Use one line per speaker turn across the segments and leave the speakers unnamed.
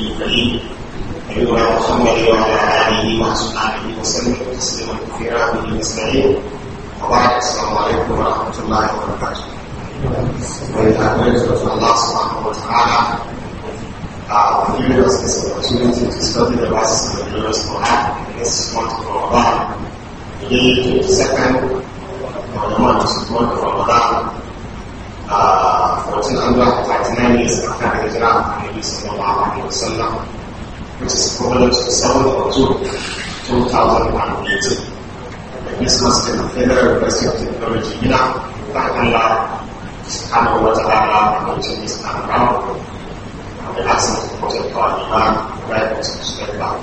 e prima, arrivano insomma arrivano anni di consultanti uh, di Muslim che si وبعد السلام عليكم ورحمة الله وبركاته. وإذا أمرت الله سبحانه وتعالى giving us this opportunity to study the verses of the glorious Quran in this month of Ramadan. Today, 22nd of the month, this month of Ramadan, uh, 1439 years after the Hijrah Nabi sallallahu alayhi wasallam, which is equivalent to 7th of June, 2018. This must be the federal university of technology, you know, thank Allah subhanahu wa ta'ala, and to this and around. The accent of the Imam, right, to Suleiman.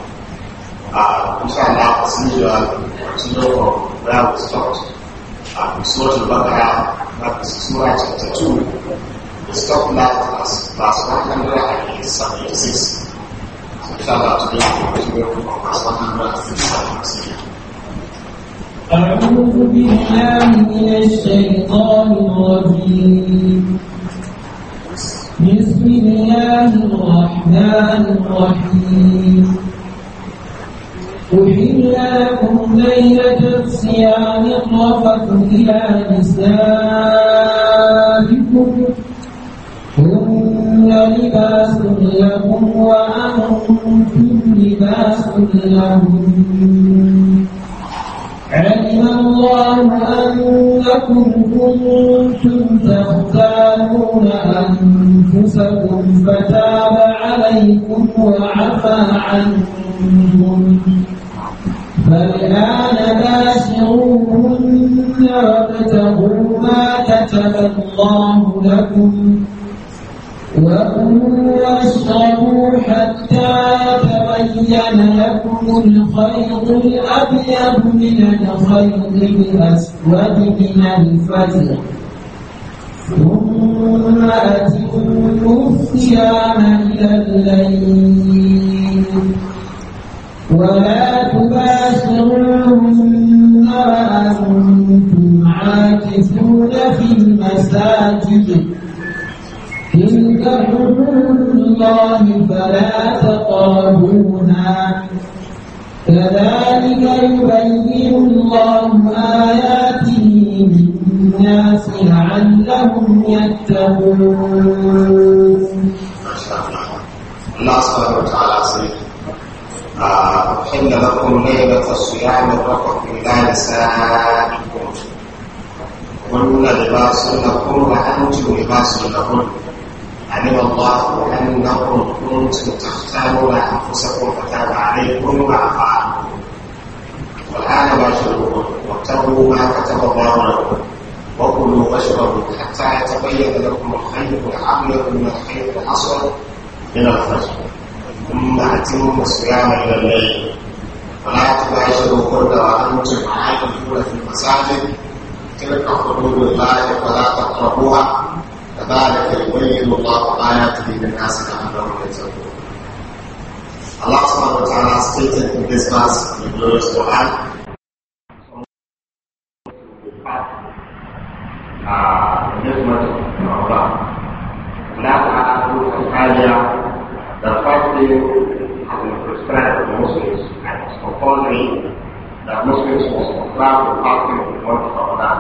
Uh, inshallah, as usual, continue from where we stopped. Uh, Surah Al-Baqarah, that is Surah chapter 2. stop now as class 176.
Inshallah, today we will go class 176. أعوذ بالله من الشيطان الرجيم بسم الله الرحمن الرحيم أحل لكم ليلة الصيام الرفث إلى نسائكم هن لباس لَّكُمْ وأنتم لباس لهم علم الله أنكم كنتم تختارون أنفسكم فتاب عليكم وعفى عنكم فالآن باشروهن وابتغوا ما كتب الله لكم وكلوا واشربوا حتى تبين لكم الخيط الأبيض من الخيط الأسود من الفجر ثم أتموا الصيام إلى الليل ولا تباشرون وأنتم عاكفون في المساجد هي حدود الله فلا تقربوها كذلك يبين الله آياته للناس لعلهم يتقون الله سبحانه وتعالى
آه، حين لكم ليلة الصيام الرفق إلى نسائكم هن لباس لكم وأنتم لباس لكم علم الله أنكم كنتم تختارون أنفسكم فتاب عليكم وعفى عنكم والآن باشروكم واتقوا ما كتب الله لكم وكلوا واشربوا حتى يتبين لكم الخير الأبيض من الخير الأسود من الفجر ثم أتموا الصيام إلى الليل ولا تباشروهن وأنتم عائدون في المساجد تلك حدود الله فلا تقربوها كذلك يبين الله آياته للناس لعلهم يتقون Allah subhanahu wa ta'ala stated in this verse in the glorious Quran al the first
has been prescribed to Muslims and it's compulsory that Muslims must observe the fasting of the month of Ramadan.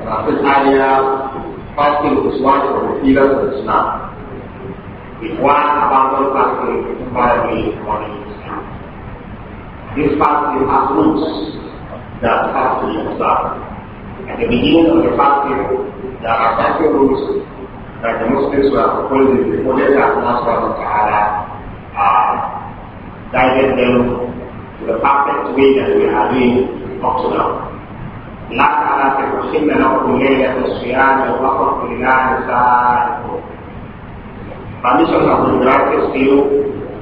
As I said fasting is one of the pillars of Islam. If one abandons fasting, it is probably one Islam. This fasting has roots that have to be observed. At the beginning of the fasting, there are certain rules that the Muslims were proposing before they were Allah subhanahu wa ta'ala uh, guided them to the perfect way that we are doing up to now. نعم تحسن لكم ليلة الصيام الوقت لله سائر permission of the righteous view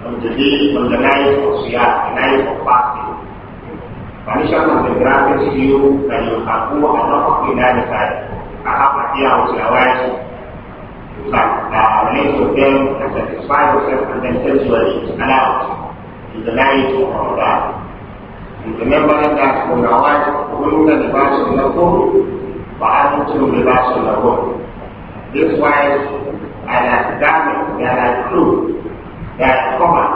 on the day on the night of Siyam, the night of fasting. Permission of the righteous view that you can do a lot of binaries like Ahab Atia was your wife. You can uh, relate to them and satisfy yourself and then sexually it's allowed in the night of Ramadan. Remember that when now on, women libas lakum, but antum libas lakum. These wives are like garments, they are like clothes, they are cover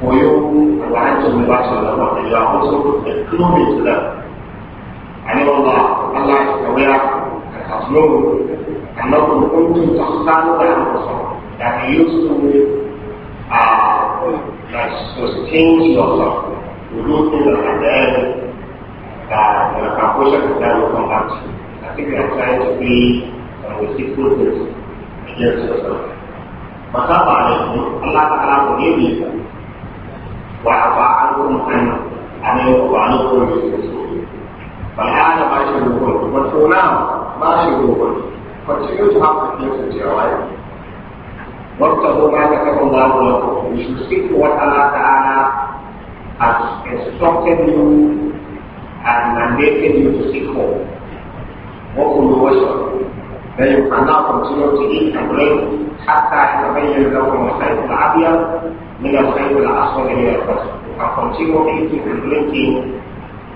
for you and antum libas lakum, and you are also a clothing to them. I know Allah, Allah is aware and has known, and not only to stand there that you used to uh, sustain yourself. dulu ada dalam kampus yang kita lakukan kampus tapi dengan saya seperti mengisi kultur media sosial maka Pak Alaikum Allah Ta'ala mengirim wa afa'akum an anil wa anukum فالآن ما يشبهون والفنان ما يشبهون Continue to have the things in your life. وابتغوا ما كتب الله لكم. You should seek what Allah Ta'ala has instructed you and mandated you to seek hope. What will you worship? Then you cannot continue to eat and drink حتى يتبين لكم الخيط الأبيض من الخيط الأسود من الفجر. You can continue eating and drinking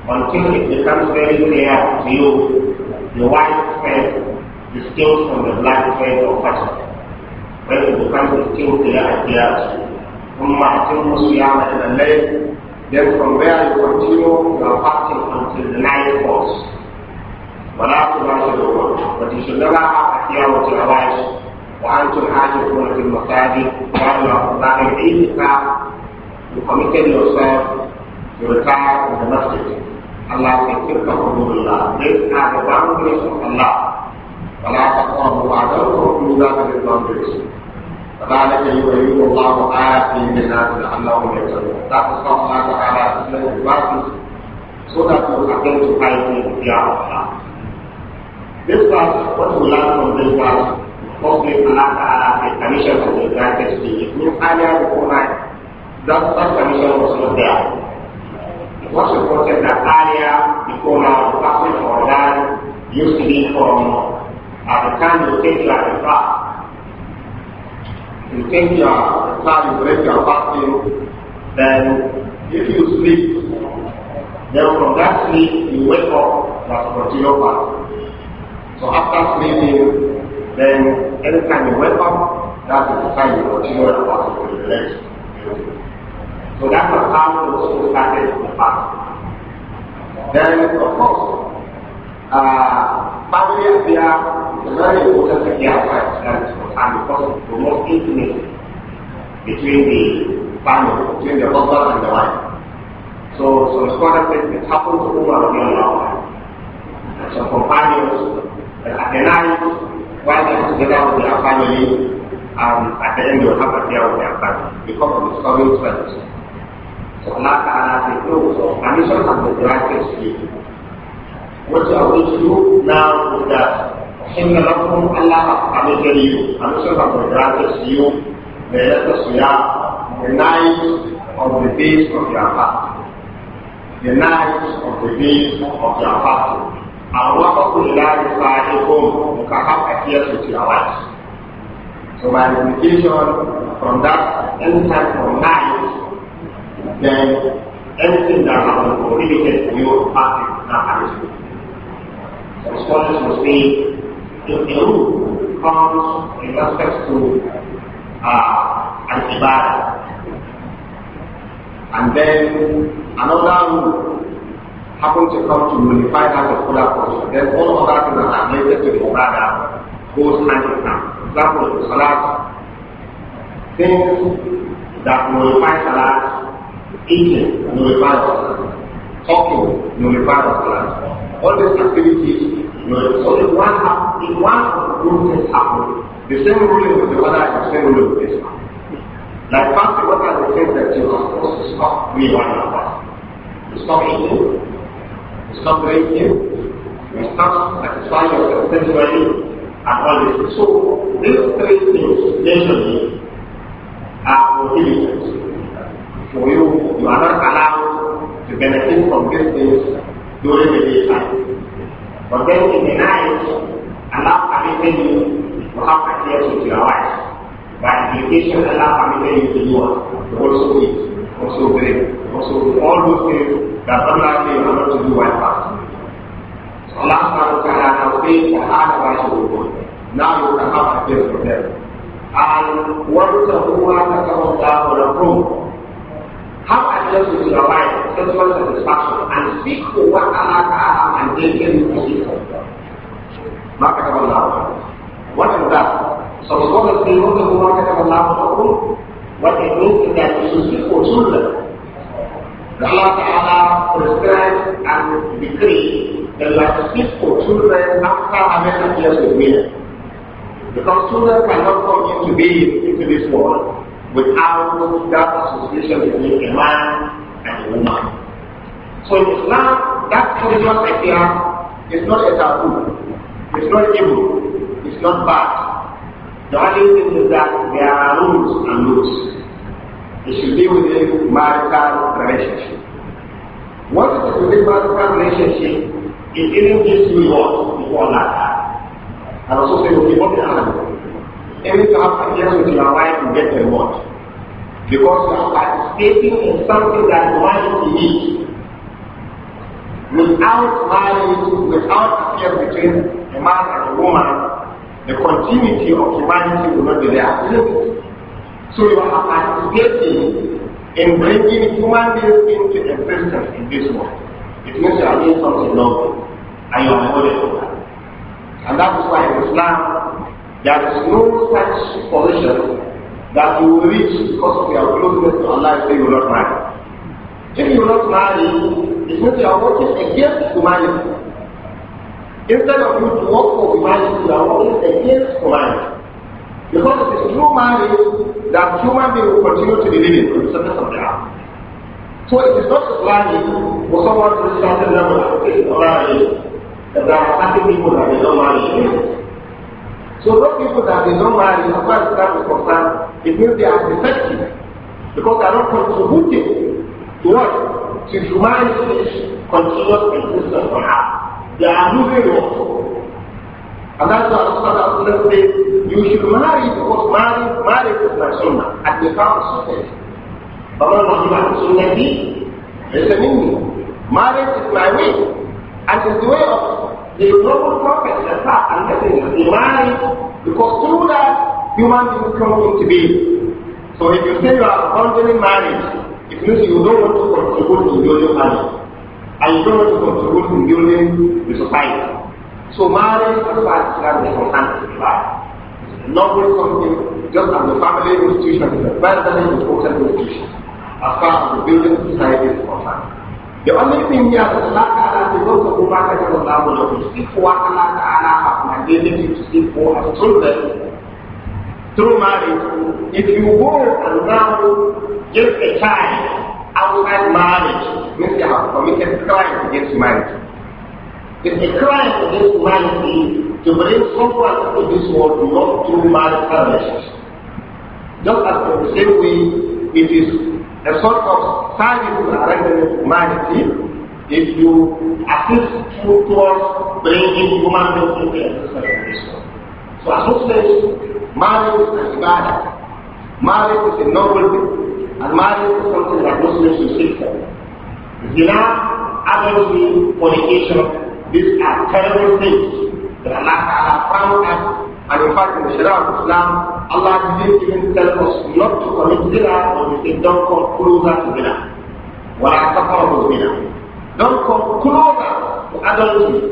until it becomes very clear to you the white thread distills from the black thread of Fajr. When it becomes still clear and clear to you. ثم أتموا الصيام إلى الليل then from there you continue your fasting until the night falls. But after that you don't want. But you should never have a fear with your wife. وأنتم عاكفون في المساجد بعد العيد you committed yourself to retire from the masjid. Allah said, Tilka hududullah. This is the boundaries of Allah. وَلَا تَقْرَبُوا عَدَوْكُمْ إِلَّا بِالْبَوْنْدَرِيسِ ذلك يولي الله آياته للناس لعلهم يهتدون that is not like what Allah is saying about this so that you identify with the Allah this verse what we learn from this verse firstly Allah Ta'ala the permission of the United States it means earlier before night that that permission was not there it was reported that earlier before now the passage for that used to be from at the time you take your advice in Kenya, the time you break your fasting, then if you sleep, then from that sleep you wake up, that continue fasting. So after sleeping, then anytime you wake up, that is the time you continue your fasting for the next So that's how the school started the fast. Then, of course, uh, family is very important affair for Islam and because it intimacy between the family, between the husband and the wife. So, so scholars say it happened to Umar and some companions at the night while they are together with their family um, at the end you have a day of their family because of the story itself. So Allah Ta'ala says, no, so permission has been granted to you. What are we to do now with that? إن ربكم الله أفعل الجليل أنا سوف أقول you may let us hear the night of the days of your heart the night of the days of your heart and what up to the night is like a home you can have a affairs with your wife so my invitation from that anytime from night then anything that has been communicated to you has not now the scholars would say, if a rule comes in respect to uh, an ibadah, and then another rule happens to come to unify that particular portion, then all other things that are related to the ibadah goes hand in hand. For example, the salat, things that unify salat, eating nullify salat, talking nullify salat. All these activities no, it's only one half, in one of the rooms happened. The same ruling with the water is the same ruling with this one. Like first what water is the same that you are supposed to stop me one another. You stop eating, you stop drinking, you stop satisfying yourself sensually and all this. So these three things naturally are prohibited. For you, you are not allowed to benefit from these things during the daytime. وكيف denies Allah permitted you to have affairs with your wife. But the occasion Allah permitted you to do what? Also eat, also drink, also all those things that Allah says you are to do while fasting. So Allah subhanahu wa ta'ala has said the hard advice you Now you can have affairs with them. And what is the who has come down on the room? How can those who survive sexual satisfaction and seek for what Allah Ta'ala and they can receive? ما كتب الله عنه. What is that? So the Prophet said, what is ما كتب الله عنه? What it means is that we should seek for children. Allah Ta'ala prescribes and decrees that we have to seek for children after hundreds of years with women. Because children cannot come into being into this world without that association between a man and a woman. So in Islam, that sexual idea is not a taboo. It's not evil. It's not bad. The only thing is that there are rules and rules. It should be within marital relationship. What is the within marital relationship, it even gives you what? Before that. And also say, okay, what is Every time appears in your life, you get a reward. Because you are participating in something that humanity need. Without marriage, without fear between a man and a woman, the continuity of humanity will not be there. So you are participating in bringing human beings into existence in this world. It means you are doing something noble and you are holy And that is why in Islam, there is no such position that you will reach because of your closeness to Allah if you will not marry. If you will not marry, it means you are working against humanity. Instead of you to work for humanity, you are working against humanity. Because it is through marriage that human being will continue to be living on the surface of the earth. So it is not Islamic for someone to start a level and say, alright, there are 30 people that they don't marry. So those people that they don't marry, as far as Islam is concerned, it means they are defective because they are not contributing to what? To humanity's continuous existence on earth. They are losing what? And that's why Allah Subhanahu say, you should marry because marriage, marriage is my sunnah, at the time of success. فَمَنْ رَحِمَ عَنْ سُنَّتِي لَيْسَ مِنِّي Marriage is my way, and it's the way of the noble prophet and are understanding Imani, because through that, human beings come into being. So if you say you are abandoning marriage, it means you don't want to contribute to building marriage. And you don't want to contribute to building the society. So marriage as far as Islam is concerned is bad. Not something just as the family institution is a very important institution as far as the building society is concerned. The only thing here was Allah Ta'ala to go to Ubaka to Allah will to seek what Allah Ta'ala has mandated you to seek for as children through marriage. If you go and now give a child outside marriage, means you have committed crime against marriage. It's a crime against humanity to bring someone into this world not through marriage services. Just as the same way, it is a sort of service arrangement with humanity if you assist you towards bringing human beings into existence. So as Muslims, marriage is an ibadah. Marriage is a noble thing. And marriage is something that Muslims should seek for. Zina, adultery, fornication, these are terrible things that Allah Ta'ala frowned at and in fact, in the Sharia of Islam, Allah didn't even tell us not to commit zina or he said don't come closer to zina. وَلَا تَقَرَبُ zina. Don't come closer to adultery.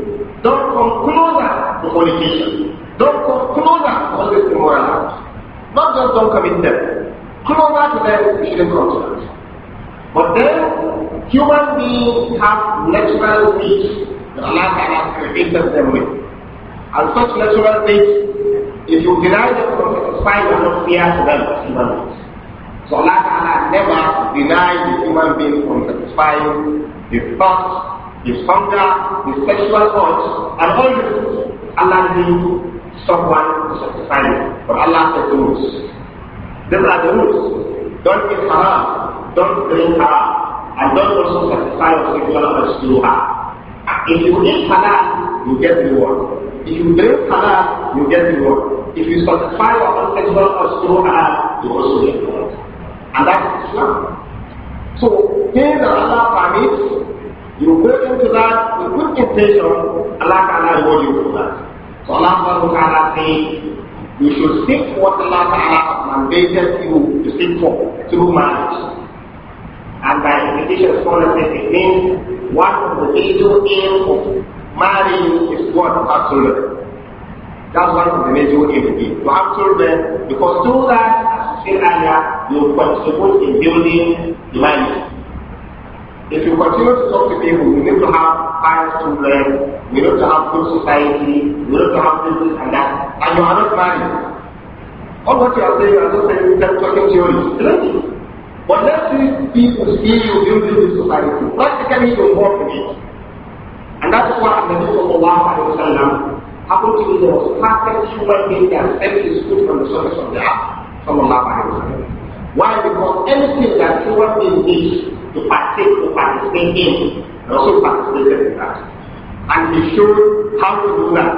Don't come closer to fornication. Don't come closer to all these immoral acts. Not just don't commit them. Closer to them is even constant. But then, human beings have natural needs that Allah has created them with. And such natural things, if you deny them from satisfying, you are not fair to them as human beings. So Allah Ta'ala never denied the human being from satisfying his thoughts, his hunger, his sexual urge, and all these Allah needs someone to satisfy him. But Allah has the rules. These are the rules. Don't eat haram, don't drink haram, and don't also satisfy your sexual urge through haram. If you eat halal, you get reward. If you break salah, you get reward. If you satisfy your ancestral or slow halal, you also get reward. And that's Islam. So, things the Allah permits, you go into that with good intention, Allah Ta'ala reward you for that. So Allah Ta'ala says, you should seek what Allah Ta'ala has mandated you to seek for through marriage. And by implication, scholars say it means one of the major aims of Marriage is what? Absolute. That's one of the major aims again. To have children, because through that, as you said earlier, you contribute in building humanity. If you continue to talk to people, we need to have pious children, we need to have good society, we need to have business and that, and you are not married. All what you are saying, you are just saying, you are talking to you, not But let these people see you building this society. Practically, you involved in it. And that's why the Nabi Sallallahu Alaihi Wasallam happened to be the most perfect human being that ever stood from the surface of the earth. Why? Because anything that human being needs to partake, to participate in, Rasul participated in that. And he showed how to do that.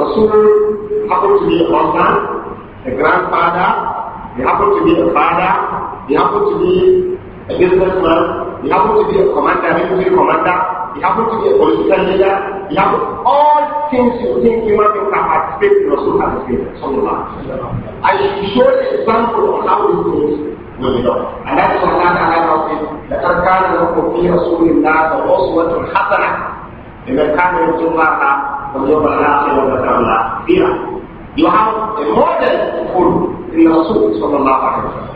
Rasul happened to be a husband, a grandfather, he happened to be a father, he happened to be a businessman, he happened to be a commander, a commander, you happen to be a political leader, you have all things you think human beings can participate in also participate. I show an example on how these things will be done. And that is Allah Ta'ala said, لَقَدْ كَانَ لَكُمْ فِي رَسُولِ in وَأُسْوَةٌ حَسَنَةٌ لِمَنْ كَانَ يَرْجُو اللَّهَ وَالْيَوْمَ الْآخِرَ وَذَكَرَ اللَّهَ كَثِيرًا You have a model for in Rasul sallallahu alayhi wa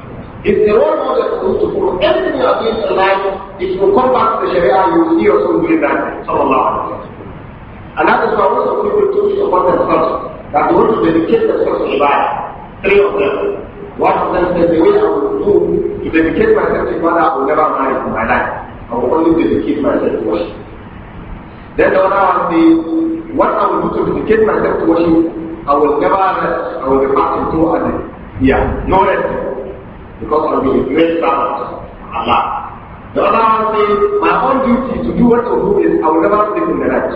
if the role model for us to follow. anything you are life, it will come back to the Sharia, you will see yourself doing that. Sallallahu alayhi wa sallam. And that is why most of people teach upon themselves that they want to dedicate themselves to Ibadah. Three of them. One of them said, the way I will do to dedicate myself to Ibadah, I will never marry in my life. I will only dedicate myself to worship. Then the other one said, what I will do to dedicate myself to worship, I will never rest. I will be fasting through and yeah, no rest because i of a great servant Allah. The other one says, my own duty to do what to do is I will never sleep in the night.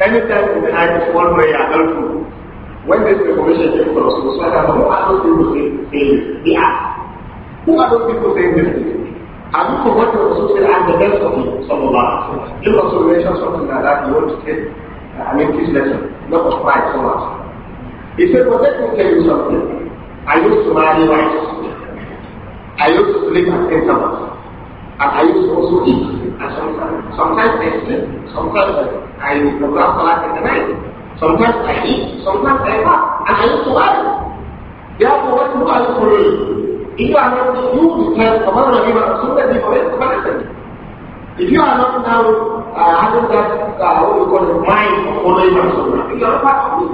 Anytime in the night is one way I don't do. When this information came from Rasul Sallallahu Alaihi those people say, say this? They ask, who are those people saying this to you? Have you forgotten Rasul said, I'm the best of you, Sallallahu Alaihi Wasallam. If Rasul mentions something like that, you want to take, uh, I mean, this lesson, not of pride, Sallallahu Alaihi Wasallam. He said, well, let me tell you something. I used to marry wives. I used to sleep at 10 hours. And I used to also eat. And sometimes, sometimes I sleep. Sometimes I program salat in at night. Sometimes I eat. Sometimes I fast. And I used to worry. Therefore, what do I pray? If you are not, you declare Qamar Rahima Sunnah the Prophet Muhammad If you are not now uh, having that, uh, what we call the mind of following Sunnah, you are not part of me.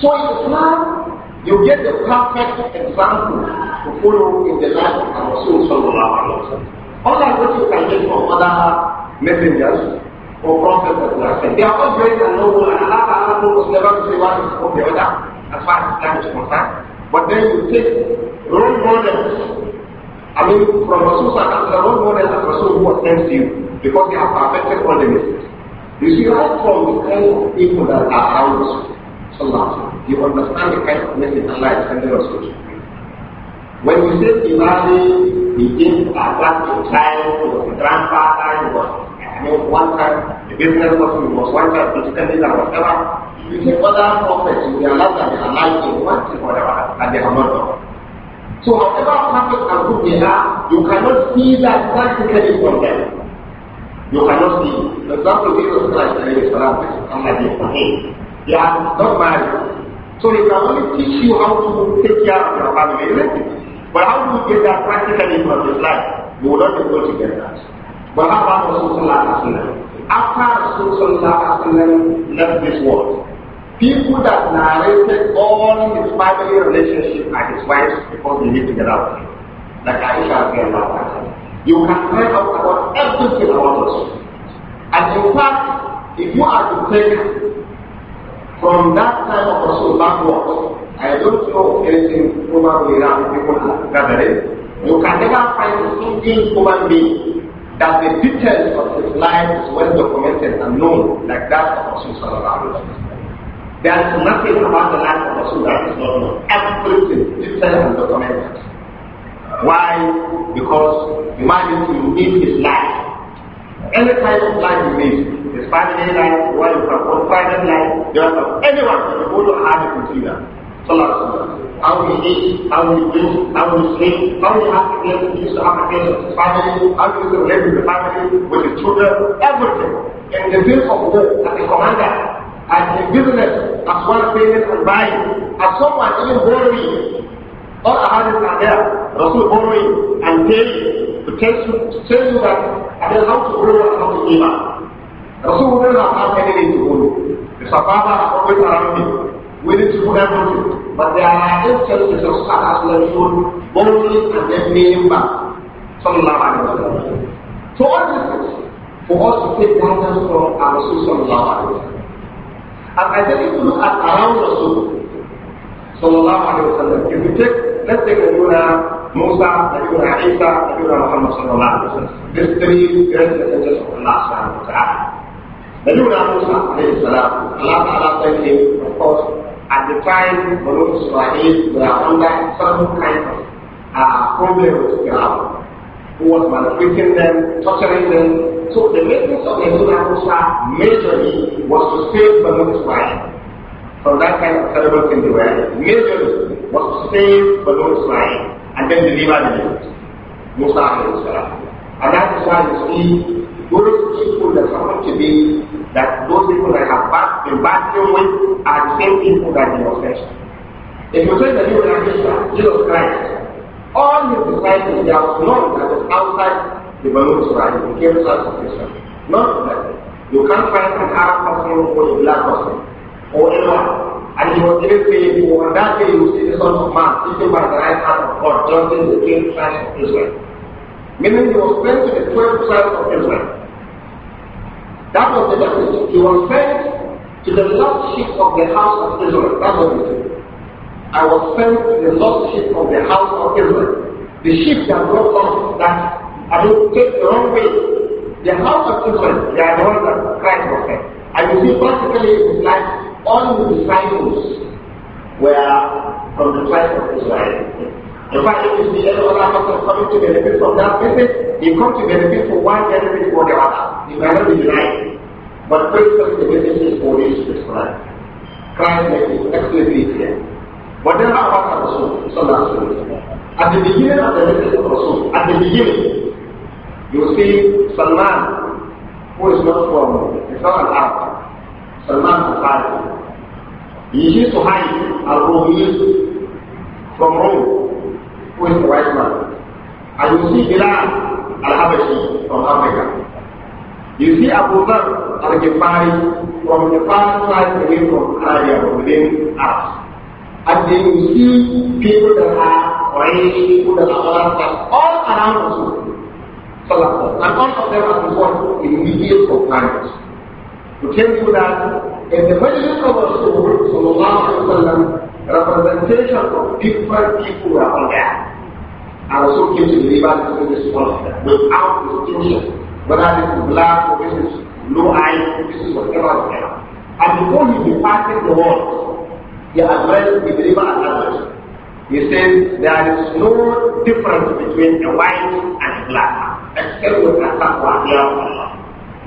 So in Islam, You get the perfect example to follow in the life of our soul sallallahu Unlike what you can get from other messengers or prophets that were They are all great and noble and Allah Ta'ala knows never to say one is of the other as far as Islam is concerned. But then you take role models I mean, from Rasul Sallallahu the role model that Rasul was sent to you because they have perfected all the messages. You see, right from the kind of people that are around Rasul Sallallahu you understand the kind of message Allah is sending us to. When you say Imani, he came to attract a child, he was a grandfather, he was, I mean, one time a business person, he was one time a business leader, whatever. You say other prophets, you realize that they are lying in one thing or whatever, and they are not God. So whatever perfect and good they are, you cannot see that practically from them. You cannot see. For example, Jesus Christ, Allah is not married. So they can only teach you how to take care of your family, isn't it? But how do you get that practically into your life? You will not be able to get that. But how about Rasulullah After Rasulullah left this world, people that narrated all his family relationship and his wives before they lived together with him, like Aisha You can find out about everything about us. And in fact, if you are to take from that time of Rasul backwards, I don't know anything human without people gathering. You can never find a single human being that the details of his life is well documented and known like that of Rasul Sallallahu Alaihi Wasallam. There is nothing about the life of Rasul that is not known. Everything detailed and documented. Why? Because humanity, you his life. Any kind of life you need, his family life, what is our own private life, the life of anyone. The Buddha had to consider. How we eat, how we drink, how we sleep, how we have to be use the application of his family, how we relate with the family, with the children, everything. In the view of God, as a commander, as in business, as one as business and buying, as someone even borrowing, all our houses are there, also borrowing and paying to tell you, to tell you that, and then how to grow and how to give up. Rasulullah not have anything to hold. The Sahaba are always around we need to do everything. But there are instances of Sahaba's food, boldly and then paying back. Sallallahu Alaihi Wasallam. So all this for us to take guidance from our Rasul Sallallahu Alaihi Wasallam. And I think if you look at around Rasul Sallallahu Alaihi Wasallam, if you take, let's take a Yuna, Musa, Nabiuna Isa, Nabiuna Muhammad Sallallahu Alaihi Wasallam. this three great messengers of Allah Subhanahu wa Ta'ala. Nabiuna Musa alayhi salam, Allah Ta'ala sent him, of course, at the time Banu Israel were under some kind of uh, problem with Firaun, who was maltreating them, torturing them. So the message of Nabiuna Musa majorly was to save Banu Israel from that kind of terrible thing they were Majorly was to save Banu Israel and then deliver the message. Musa alayhi salam. And that is why you see those people that happen to be, that those people that have bad, been battling with are the same people that they offend. If you say that you are Jesus Christ, all his disciples, there was none that was outside the Banu Israel, the came out of Israel. None of them. You can't find an Arab person or a black person or anyone. And he was even saying, oh, on that day you see the Son of Man sitting by the right hand of God, judging the king Christ of Israel. Meaning he was sent to the twelve tribes of Israel. That was the message. He was sent to the lordship of the house of Israel. That's what I was sent to the lordship of the house of Israel. The sheep that brought us that I mean take the wrong way. The house of Israel, they are the ones that Christ was sent. And you see practically it was like all the disciples were from the tribe of Israel. In fact, if you see any other person coming to benefit from that business. they come to benefit from one benefit for the other. It might not be denied. But principally, the message is for Jesus Christ. Christ makes it explicitly clear. But then how about Rasul? Sallallahu Alaihi Wasallam. At the beginning of the message of at the beginning, you see Salman, who is not from, it's not an Arab, Salman to qadi He is Suhaib al-Rumi from Rome who is the right man. And you see Bilal al-Habashi from Africa. You see Abu Dhar al-Ghifari from the far side away from Arabia, from within us. And then you see people that are Quraysh, people that are Arabs, all around us. And all of them are before immediate compliance. To tell you that in the Majlis of Rasul, Sallallahu Alaihi Wasallam, representation of different people were on there. And also came to deliver of message without distinction, whether this is black or this is blue eyed, this is whatever, whatever. And before he departed the world, he addressed the believer as others. He says there is no difference between a white and a black, except with a taqwa,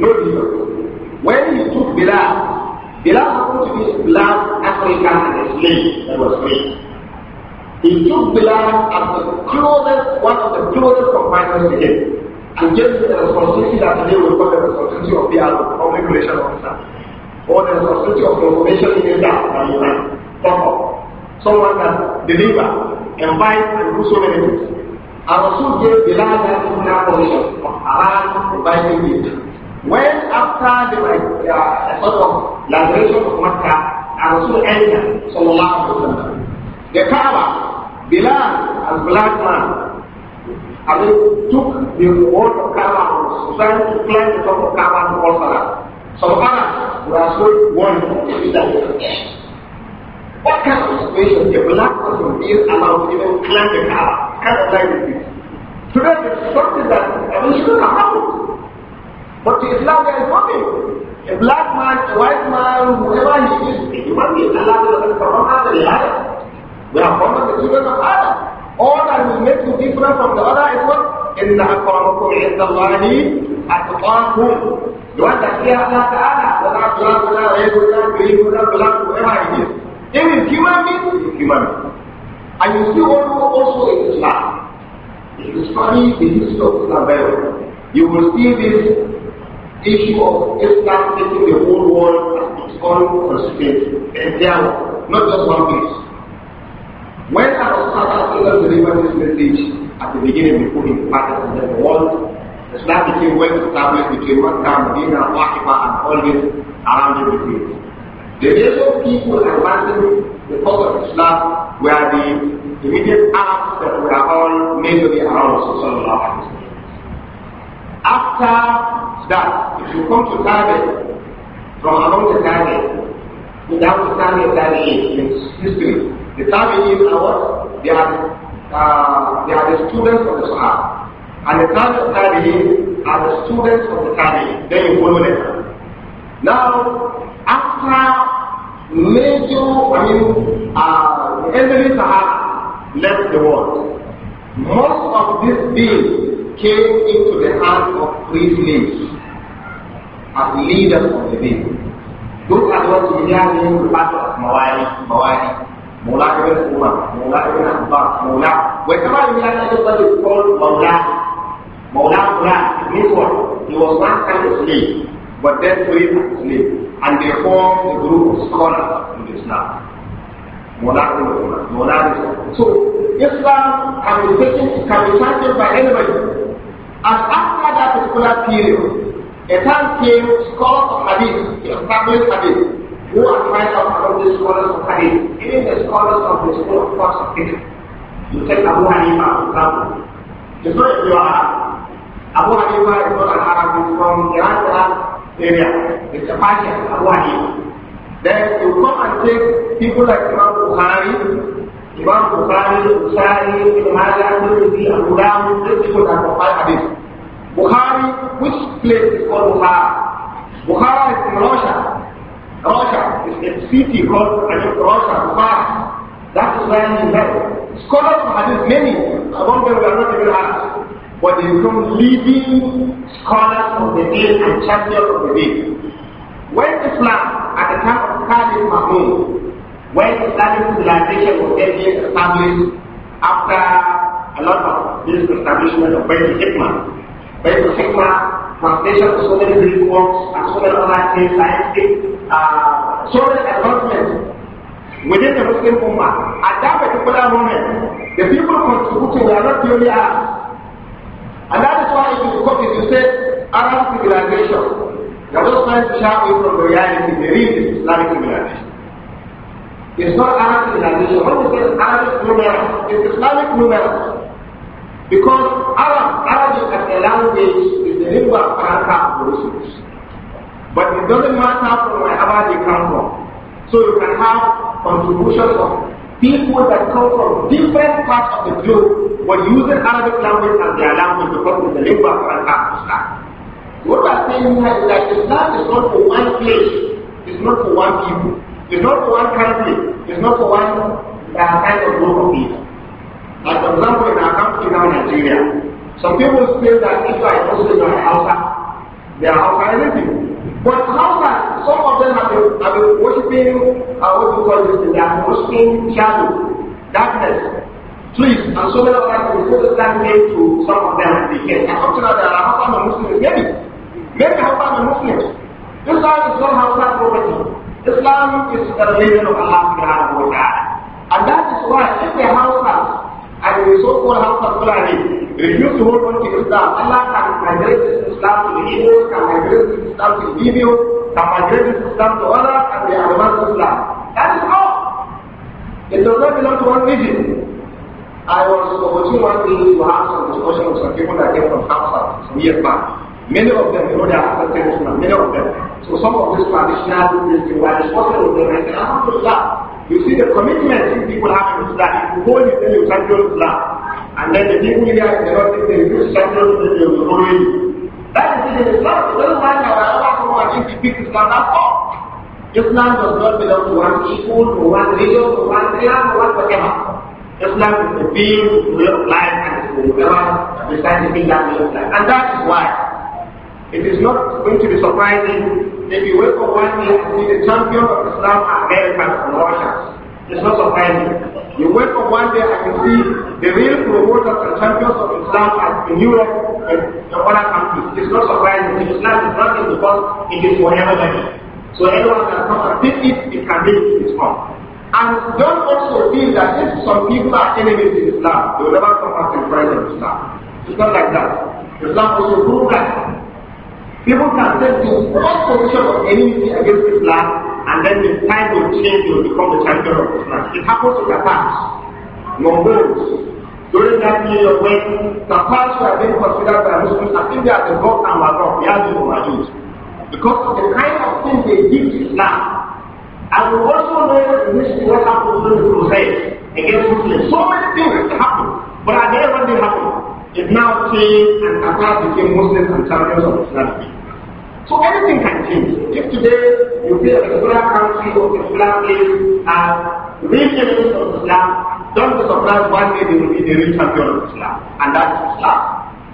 No difference. When he took Bilal Bila aku jenis gelar African and slave, that was me. He took Bilal as the closest, one of the closest companions to him, and gave him the responsibility that today we call the responsibility of the public relation officer, or the responsibility of information in that that you have. Someone that deliver, invite, and do so many things. And also gave Bilal that similar position of Haran, inviting people. When after uh, the sort of liberation of Mecca and Rasul entered, sallallahu alayhi wa the Kaaba, Bilal, as black man, and he took the wall of Kaaba and was trying to climb the top of Kaaba to call Salah. Some of us were to What kind of situation The black person is allowed to even climb the Kaaba? Kind of like this. Today, it's something that, I mean, shouldn't happened. But Islam there is nothing. A black man, a white man, whoever he is, a human being, Allah doesn't from Adam, Adam. We are born as the children of Adam. All that will make you different from the other is what? إِنَّ أَكْرَمَكُمْ عِنْدَ اللَّهِ أَتْقَاكُمْ You want to hear Allah Ta'ala, whether black, whether red, whether green, whether black, whoever it is. If it's human being, it's human being. And you see also, also in Islam. If you study the history of Islam very well, you will see this issue of Islam taking the whole world as its own constraint and there, not just one place. When our Prophet delivered this message at the beginning before he departed from the world, Islam became well established between one time being Medina, Akiba, and all this around the place. The reason people advancing the cause of Islam were the immediate Arabs that were all mainly around Sallallahu Alaihi Wasallam. After that, if you come to Target, from among the Target, without the Target, Target is in history. The Target is what? They are, uh, they are the students of the Sahaba. And the Target of are the students of the Target. Then you follow them. Now, after major, I mean, uh, the left the world, most of these beings came into the hands of three slaves as leaders of the day. Those are what Elijah name referred to as Mawali, Mawali, Mawla ibn Umar, Mawla ibn Abbas, Mawla. Whenever Elijah anybody is called Mawla, Mawla Mawla, it means what? He was one kind of slave, but then three as slave. And they formed a group of scholars in Islam. Monarchism, monarchism. So Islam can be taken, can be chanted by anybody. And after that particular period, a time came scholars of hadith, established hadith, who are trying to of the scholars of hadith, even the scholars of the school of thoughts of You take Abu Hanifa, for example. It's not if you are Arab. Abu Hanifa is not an Arab, he's from area. a Abu Then you come and take people like Imam Bukhari, bukhari which place is called bukhara bukhara is in russia russia is a city called I mean, russia bukhara that is where he met scholars of hadith many among them we are not even asked but they become leading scholars of the day and champions of the day when islam at the time of khalid mahmud when Islamic civilization was getting established after a lot of this establishment of Baitul Hikmah, Baitul Hikmah, translation of so many Greek works and so many other things, scientific, uh, so many advancements within the Muslim Ummah. At that particular moment, the people contributing were not purely Arabs. And that is why if you, if you say Arab civilization, you're just trying to shy away from the reality, the real Islamic civilization. It's not Arab civilization. When we say Arabic numeral, it's Islamic numeral. Because Arab, Arabic as a language is the lingua franca of Muslims. But it doesn't matter from wherever they come from. So you can have contributions of people that come from different parts of the globe but using Arabic language as their language because it's the lingua franca of Islam. What we are saying here is that Islam is not for one place, it's not for one people. It's not for one country. It's not for one uh, kind of group of people. Like for example, in our country now, Nigeria, some people feel that if I also do Hausa, they are Hausa anything. But Hausa, some of them have been, have been worshipping, uh, what you call this, they are worshipping shadow, darkness, trees, and so many other things. So that came to some of them and they not And up to now, there are Hausa non-Muslims, maybe. Maybe Hausa non-Muslims. This land is not Hausa property. Islam is the religion of Allah subhanahu wa ta'ala. And that is why if the Hausas and the so-called Hausas Fulani refuse to hold on to Islam, Allah can migrate Islam to the Igbo, can migrate Islam to the Libyo, can migrate Islam to others, and they advance Islam. That is all. It does not belong to one region. I was watching one thing, have some discussion with some people that came from Hausa some years back. Many of them, you know, they are affected Islam, many of them. So some of these traditional Christians while they with them and said, Alhamdulillah, you see the commitment these people have in Islam. If you go and you say you Islam, and then the people there, they don't think they use sanctuary Islam, they will follow you. That is in Islam. It doesn't matter whether Allah come and speak Islam at all. Islam does not belong to one people, to one religion, to one clan, to one whatever. Islam is the being, way of life, and it's the to be that way of life. And that is why it is not going to be surprising if you wake up one day and see the champion of Islam are Americans and Russians. It's not surprising. You wake up one day and you see the real promoters and champions of Islam are in Europe and in other countries. It's not surprising. If Islam is nothing because it is for everybody. So anyone can come and take it, it can be it strong. And don't also feel that if some people are enemies in Islam, they will never come out and friends in Islam. It's not like that. Islam also proves that People can take the worst position of enmity against Islam and then the time will change, they will become the champion of Islam. It happens to Tatars, Mongols. During that period when past were being considered by Muslims, I think they are the God and were God, are the Umayyad. Because of the kind of thing they did to Islam. And we also know this is what happened during the Crusades against Muslims. So many things happened, but I never end what did happen? is now seeing and apart between Muslims and champions of Islam. So anything can change. If today you feel a Islam country or Islam is as real enemies of Islam, don't be surprised one day they will be the real champion of Islam. And that's Islam.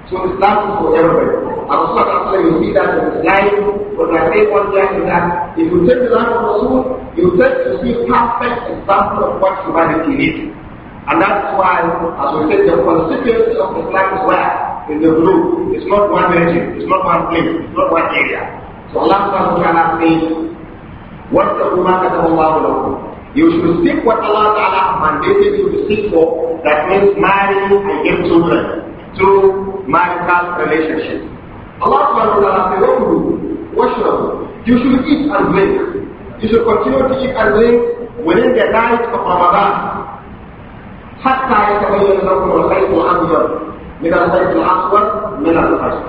So Islam is for everybody. And also after you see that in his life, what I say one day is that if you take the life of Rasul, you get to see perfect example of what humanity needs. And that's why, as we said, the constituency of Islam is where? In the group. It's not one region, it's not one place, it's not one area. So Allah subhanahu wa ta'ala says, What the Ummah Allah You should seek what Allah ta'ala mandated you to seek for, that means marry and children through marital relationship. Allah subhanahu wa ta'ala says, Don't do, worship. You should eat and drink. You should continue to eat and drink within the night of Ramadan. حتى يتبين لكم الخيط الابيض من الخيط الاسود من الفجر.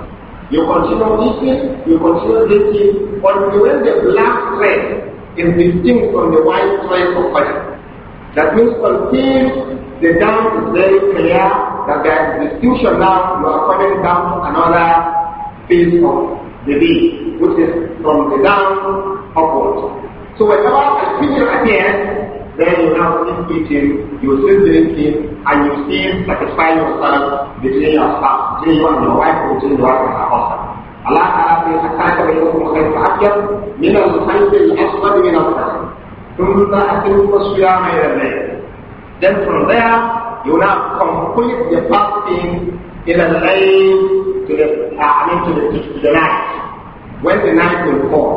You continue eating, you continue drinking, but when the black thread is distinct from the white thread of fire. That means until the down is very clear that there is distinction now, you are coming down to another phase of the bee, which is from the down upwards. So whenever I finish at then you now sit eating, you sit drinking, and you still satisfy yourself between your spouse, between you and your wife, or between your wife and her husband. Allah Ta'ala says, أَكْتَرَكَ بَيْنَكُمْ خَيْرٌ أَحْيَرٌ مِنَ الْخَيْرِ الْأَصْغَرِ مِنَ الْخَيْرِ ثُمَّ أَتِمُّ الصِّيَامَ إِلَى اللَّيْلِ Then from there, you now complete the fasting إلى الليل to the, uh, I mean to the, to the night. When the night will fall,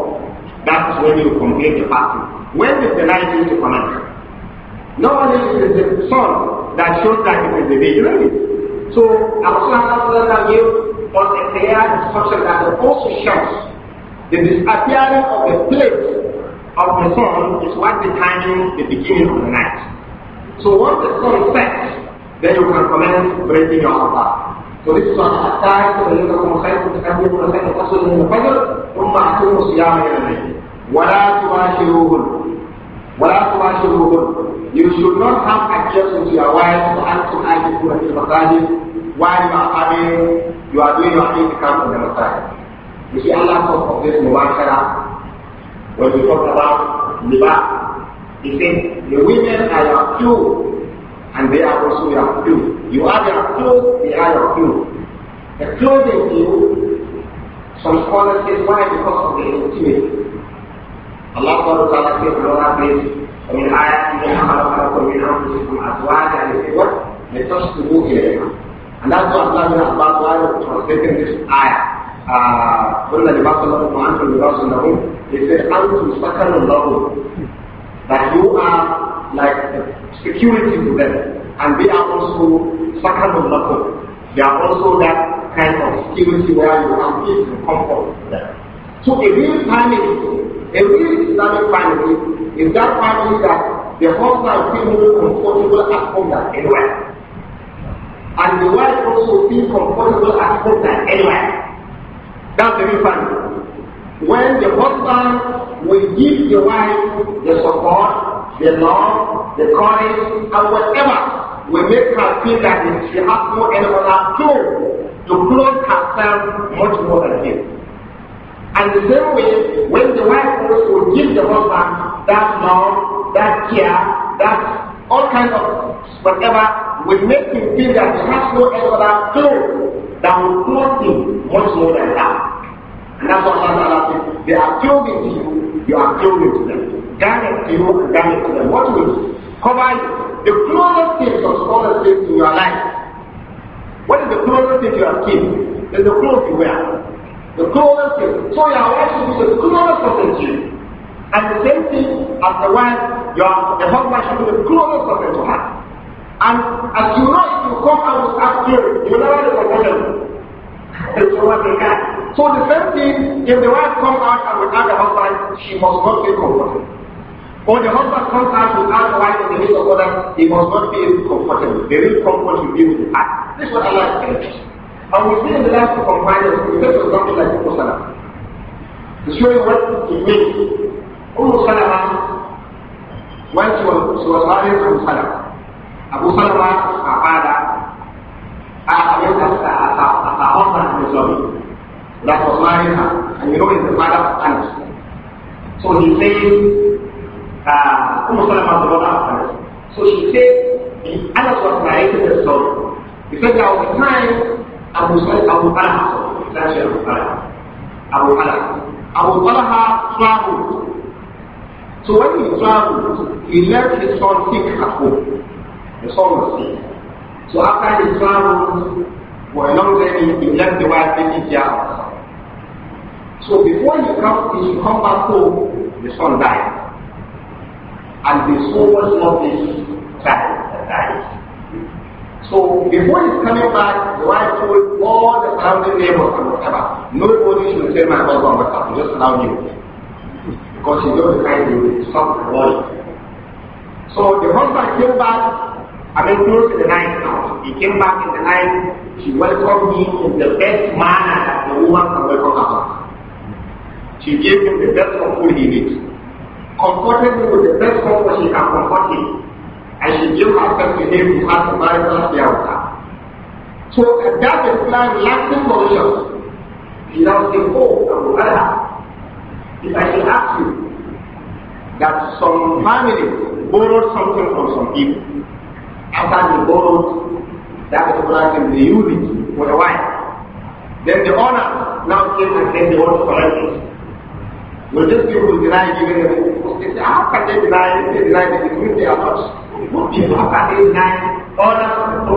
that's when you complete the fasting. When is the night going to commence? Not only is the sun that shows that it is the day, So Allah gave us a clear instruction that the also shows the disappearing of the plate of the sun is what determines the beginning of the night. So once the sun sets, then you can commence breaking your heart. So this is what حتى يتبينكم خير تكذبون خير تصل من الفجر ثم اعطوه صيام الى الليل ولا تباشروهن ولا تباشروهن you should not have access into your wife to ask some items to while you are having, you are doing your come in the side. You see, Allah talks of this muwakara when we talk about Liba, He said, the women are your few and they are also your few. You are your few, they are your few. The clothing you, some scholars say, why? Because of the intimacy. Allah Ta'ala says in another place, والآيات التي خلق لكم من أنفسكم أزواجا للعبر لتسلكوا إليها. And that's what Allah bin Abbas was translating this ayah. قلنا لباس لهم وأنتم لباس لهم. He said, أنتم سكن لهم. That you are like security to them. And they are also سكن لهم. They are also that kind of security where you have peace and comfort. So a real family, a real Islamic family in that family that the husband feel more comfortable at home than anywhere. And the wife also feel comfortable at home than anywhere. That's very funny. family. When the husband will give the wife the support, the love, the courage, and whatever will make her feel that she has no any other tool to close herself much more than him. And the same way, when the wife also gives the husband that love, that care, that all kinds of whatever will make him feel that he has no other tool that will clothe him much more than that. And that's what Allah says. They are clothing to you, you are clothing to them. Garment to you and garment to them. What will cover you? The closest things or smallest things in your life. What is the closest thing you have kept? Is the clothes you wear the closest, cell. So your wife should be the to you, And the same thing as the wife, your the husband should be the closest person to her. And as you know, if you come out with accurate, you never have a problem. It's what they can. So the same thing, if the wife comes out and without the husband, she must not be comfortable. Or the husband comes out without the wife in the midst of others, he must not be comfortable. The real comfort will be with the heart. This is what I like. to say. And we see in the last companions, we take something like Umm Salama. To show you what it means, Umm Salama, when she was, she was married to Abu Salama, Abu Salama her father, I her, as her, as her husband that was married her, and you know it's the father of Anas. So he says, uh, Umm Salama is the mother of Anas. So she said, Anas was narrating the story. He said, there was a time Abu Said Abu Talha, that's Abu Talha. Abu Talha. Abu Talha traveled. So when he traveled, he left his son sick at home. The son was sick. So after he traveled for a long journey, he left the wife in India. So before he comes, he should come back home, the son died. And the soul was not this child that died. So before he's coming back, the wife told all the surrounding neighbors and whatever, nobody should say my husband was up, just allow you. Because he's knows the kind you the worry. So the husband came back, I mean close to the night now. He came back in the night, she welcomed him in the best manner that the woman can welcome her husband. She gave him the best of food he needs, comforted him with the best comfort she can comfort him. I she gave herself to him, who has a marital affair so at that Islam lacking solutions. He now says, Oh, Abu Allah, if I should ask you that some family borrowed something from some people, after they borrowed that particular thing, they used it for a while. Then the owner now came and said they want to collect it. Will these people deny giving them? They say, How can they deny? They deny the because they are not these Ahadith 9, all of I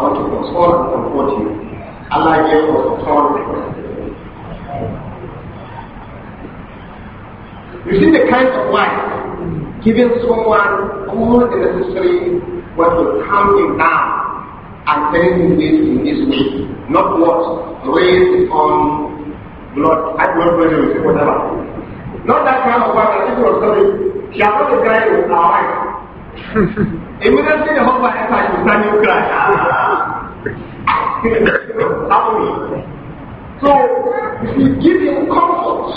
want to you. You see the kind of wife giving someone all the necessary what will calm him down and telling him this in this way, not what raised on blood, high blood pressure, whatever. Not that kind of water, it was sorry. She had not been with our eyes. Immediately the husband entered, she started to cry. Happily. so, she give him comfort,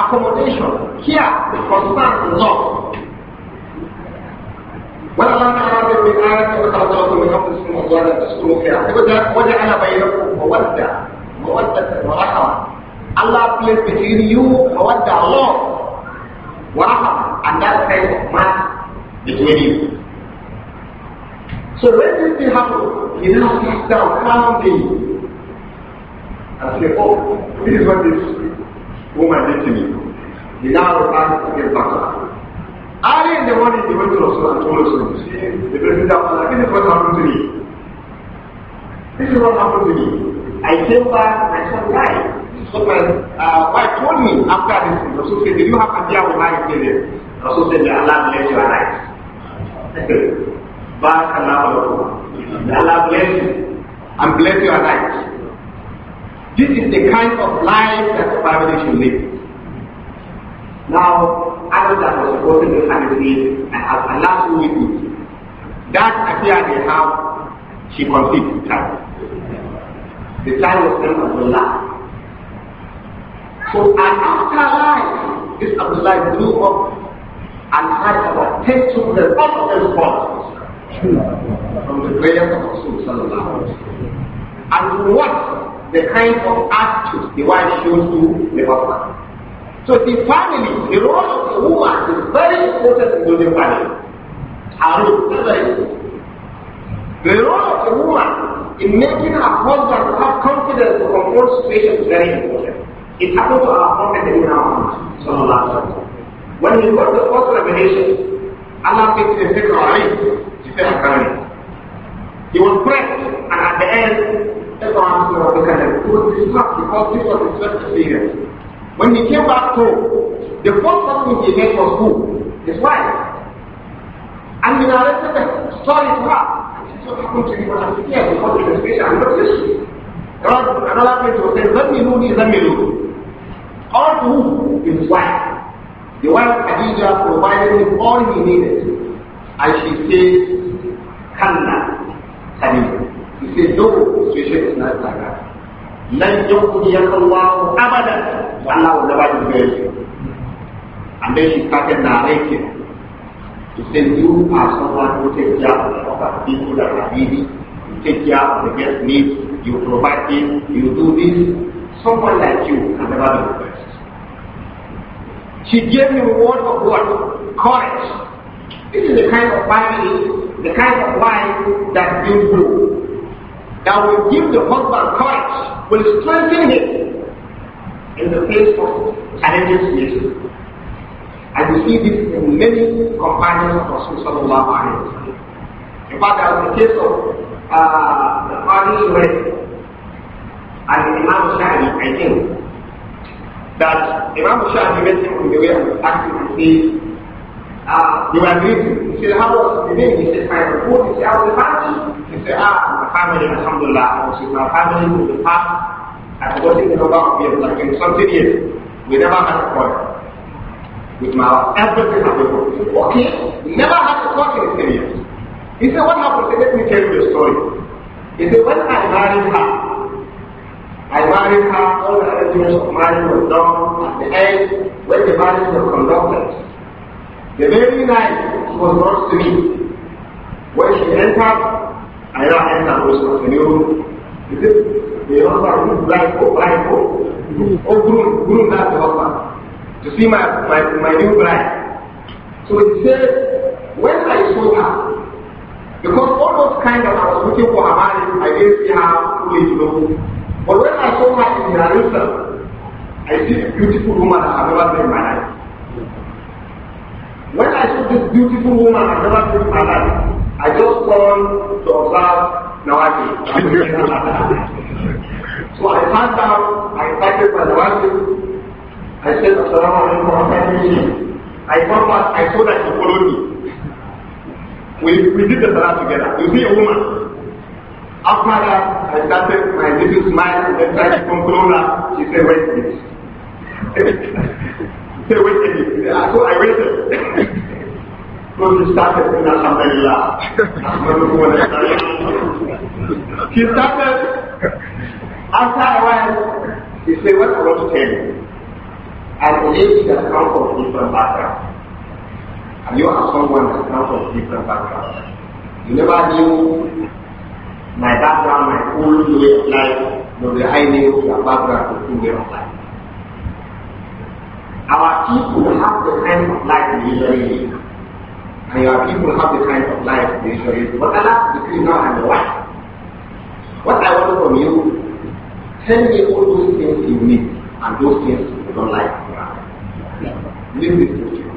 accommodation. Here, the concern is love. ولما أراد من آية خلقه من أنفسكم أزواجا تسكنوا فيها وجعل بينكم مودة مودة ورحمة Allah placed between you and what the Lord wow, and that kind of man between you. So when this thing happens, he now sits down calmly and say, Oh, this is what this woman did to me. He now returns to get back up. Early in the morning, he went to Rasul and told Rasul, See, the president of Allah, this is what happened to me. This is what happened to me. I came back, my son died. So my uh, wife told me after this, Rasul said, did you have a of why he did it? Rasul said, may Allah bless your eyes. Barakallahu May Allah bless you and bless your eyes. This is the kind of life that the family should live. Now, others that was supporting the family and has allowed you with it. That appear they have, she conceived the child. The child was named Abdullah. So an afterlife, this Abdullah grew up and had about 10 children, all of them from the prayers of Rasul And what the kind of attitude the wife shows to the husband. So the family, the role of the woman is very important in the family. Harun, very The role of the woman in making her husband have confidence to control situations is very important. It happened to our Prophet Muhammad When he got the first revelation, Allah said to him, take your He said, I He was pressed, and at the end, everyone was looking He was distraught because this was his first experience. When he came back home, the first person he met was who? His wife. And he narrated the story to her. This what happened to me when I was because of the situation. I'm not listening. Another person was saying, let me know this, let me know all to his wife. The wife Khadija provided him all he needed. And she says, Kanna, Khadija. He said, no, situation is not like that. لن يقضيك الله أبدا Allah will never divorce you. And then she started narrating. She say you are someone who takes care of other people that are needy. You take care of the guest needs. You provide them. You do this. Someone like you can never be divorced. She gave me a word of what? Courage. This is the kind of family, the kind of life that builds do. That will give the husband courage, will strengthen him in the face of challenges he faces. And we see this in many companions of Rasulullah Sallallahu In fact, there was the case of uh, the party Suhail and the Imam Shari, I think, that Imam Shafi met him on the way and was He him, say, ah, they were greeting. He said, how was the day? He said, my report. He said, how was the party? He said, ah, my family, alhamdulillah. I was with my family to the park. I was in the number of like in something years. We never had a quarrel. With my everything had been broken. Okay, we never had a quarrel in ten years. He said, what happened? He said, let me tell you a story. He said, when I married her, I married her, all the arrangements of marriage were done. At the end, when the marriage was conducted, the very night she was brought to me. When she entered, I now entered also my new Is it the husband who blind for oh, blind for? Oh, groom, oh, groom, that the husband. To see my, my, my new bride. So he said, when I saw her, because all those kind of I was looking for her marriage, I didn't see her fully, you know. But when I saw her in Jerusalem, I see a beautiful woman I have never seen in my life. When I saw this beautiful woman I have never seen in my life, I just turned to observe Nawaki. so I sat down, I invited my Nawaki. I said, Assalamu alaikum warahmatullahi I come back, I saw that she followed me. We, we did the salah together. You see a woman, After that, I started my little smile and then tried to control her, she said, wait a minute. she said, wait a minute. So I waited. so she started in laugh. she started. After a while, she said, what I want to tell you. I believe she has come from different background. And you are someone that comes from different background. You never knew my background, my own way of life, but the I your background to way of life. Our people have the kind of life we usually live. And your people have the kind of life they usually live. But Allah between now and the wife. What I want from you, tell me all those things you need and those things you don't like. Leave this with you.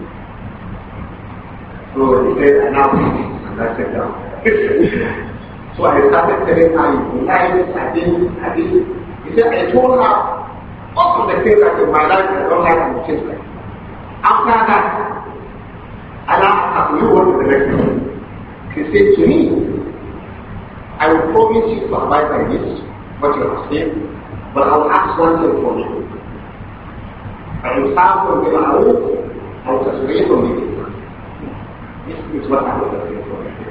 So he said, I now and I sit down. So I started telling her, you lied, I didn't, I didn't. He said, I told her, up of the things that in my life I don't like to change like After that, I Allah has you want to the next one. He said to me, I will promise you to abide by this, what you have said, but I will ask one thing from you. I will start from the ma'ruf, I will just read from the This is what I will say for you.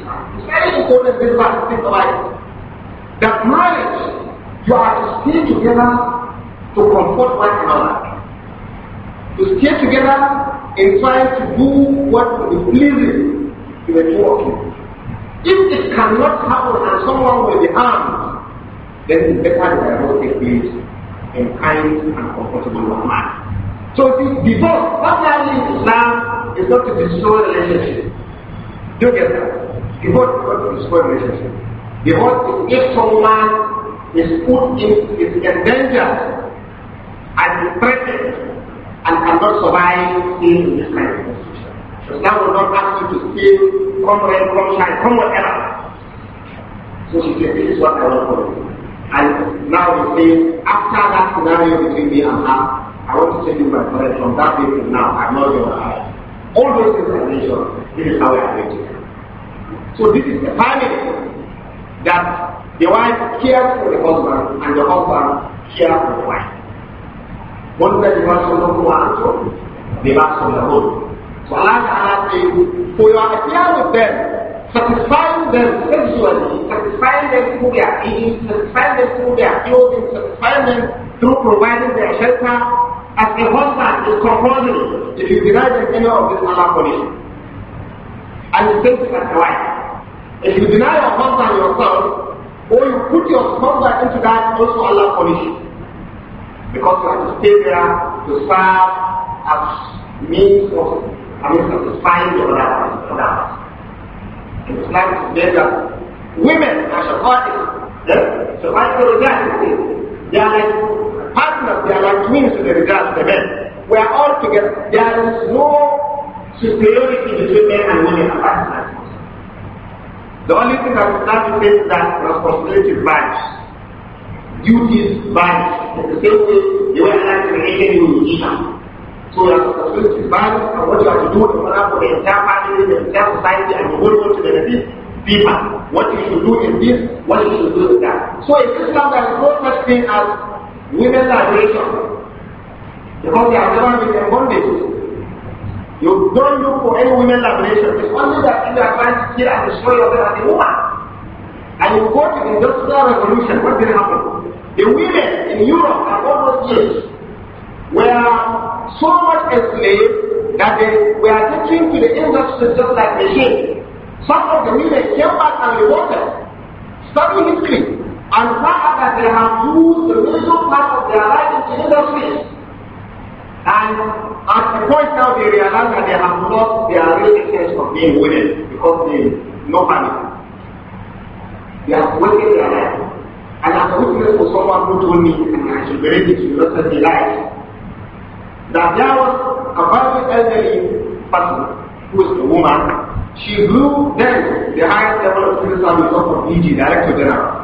very important principle to think about That marriage, you are to stay together to comfort one another. To stay together and try to do what will believe pleasing to the two of you. If it cannot happen and someone will be harmed, then it's better that I don't take place in kind and comfortable one man. So see, divorce, what I mean Islam is not to destroy relationship. Do you get that? before it becomes peaceful relationship. Because if someone is put in, is danger and threatened and cannot survive in this kind of position. Islam will not ask you to stay, come rain, come shine, come whatever. So she said, this is what I want for you. And now he says, after that scenario between me and her, I want to tell you my friend from that day to now, I'm not your ally. All those things I mentioned, this is how I arrange it. So this is the family that the wife cares for the husband and the husband cares for the wife. One person wants to know who answer, they ask on the home. So Allah Ta'ala says, for your affair with them, satisfying them sexually, satisfying them through their eating, satisfying them through their clothing, satisfying them through providing their shelter, as a husband is compulsory. If you deny them any of this, Allah And the same thing as the wife. If you deny your husband yourself, or oh, you put your husband into that, also Allah punish you. Because you have to stay there to serve as means of, I mean, satisfying your life. In Islam, it's that Women are shafati. Yes? Shafati for They are like partners, they are like twins the regards to the men. We are all together. There is no superiority between men and women apart the only thing that will not that responsibility vanishes. Duties vanish. In the same way, you are not created, you will So your responsibility vanishes, and what you have to do in order for the entire family, the entire society, and the whole world to benefit people. What you should do in this, what you should do in that. So in Islam, there is no such thing as women's liberation. Because they have never been in bondage. You don't look for any women liberation. It's only that people are trying to kill and destroy yourself as a woman. And you go to the Industrial Revolution, what did happen? The women in Europe and all those years were so much enslaved that they were taken to the industry just like machines. Some of the women came back and revolted. Study history and found out that they have used the middle part of their life in the industry. And uh, at the point now they realize that they have lost their real essence of being women because they no family. They have wasted their life. And as a witness for someone who told me, and I should believe it, you lost their life, that there was a very elderly person who is a woman. She grew then the highest level of civil service of PG, Director General.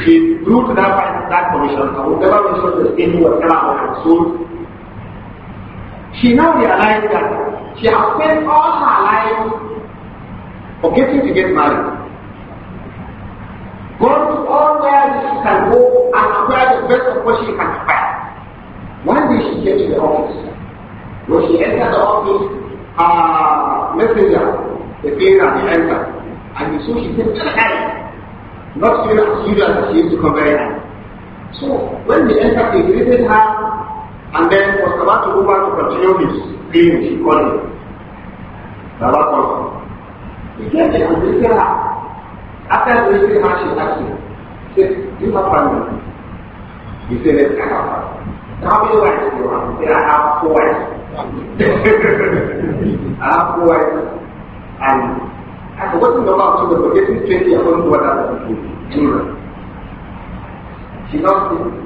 She grew to that, that commission. I would never mention the state who was ever on her she now realized that she has spent all her life forgetting to get married. Gone to all where she can go and acquire the best of what she can acquire. One day she came to the office. When she entered the office, her messenger, the cleaner, he entered. And so she said, very early. Not clear as usual as she used to come very So when we entered, he greeted her and then was about to go back to continue his cleaning, he called me. Baba He came there and visited her. After visiting her, she asked him, said, you have family? He said, yes, I have family. How many wives do you have? He said, I have four wives. I have four wives. And I've forgotten the amount of children, but getting 20 to what i She lost him.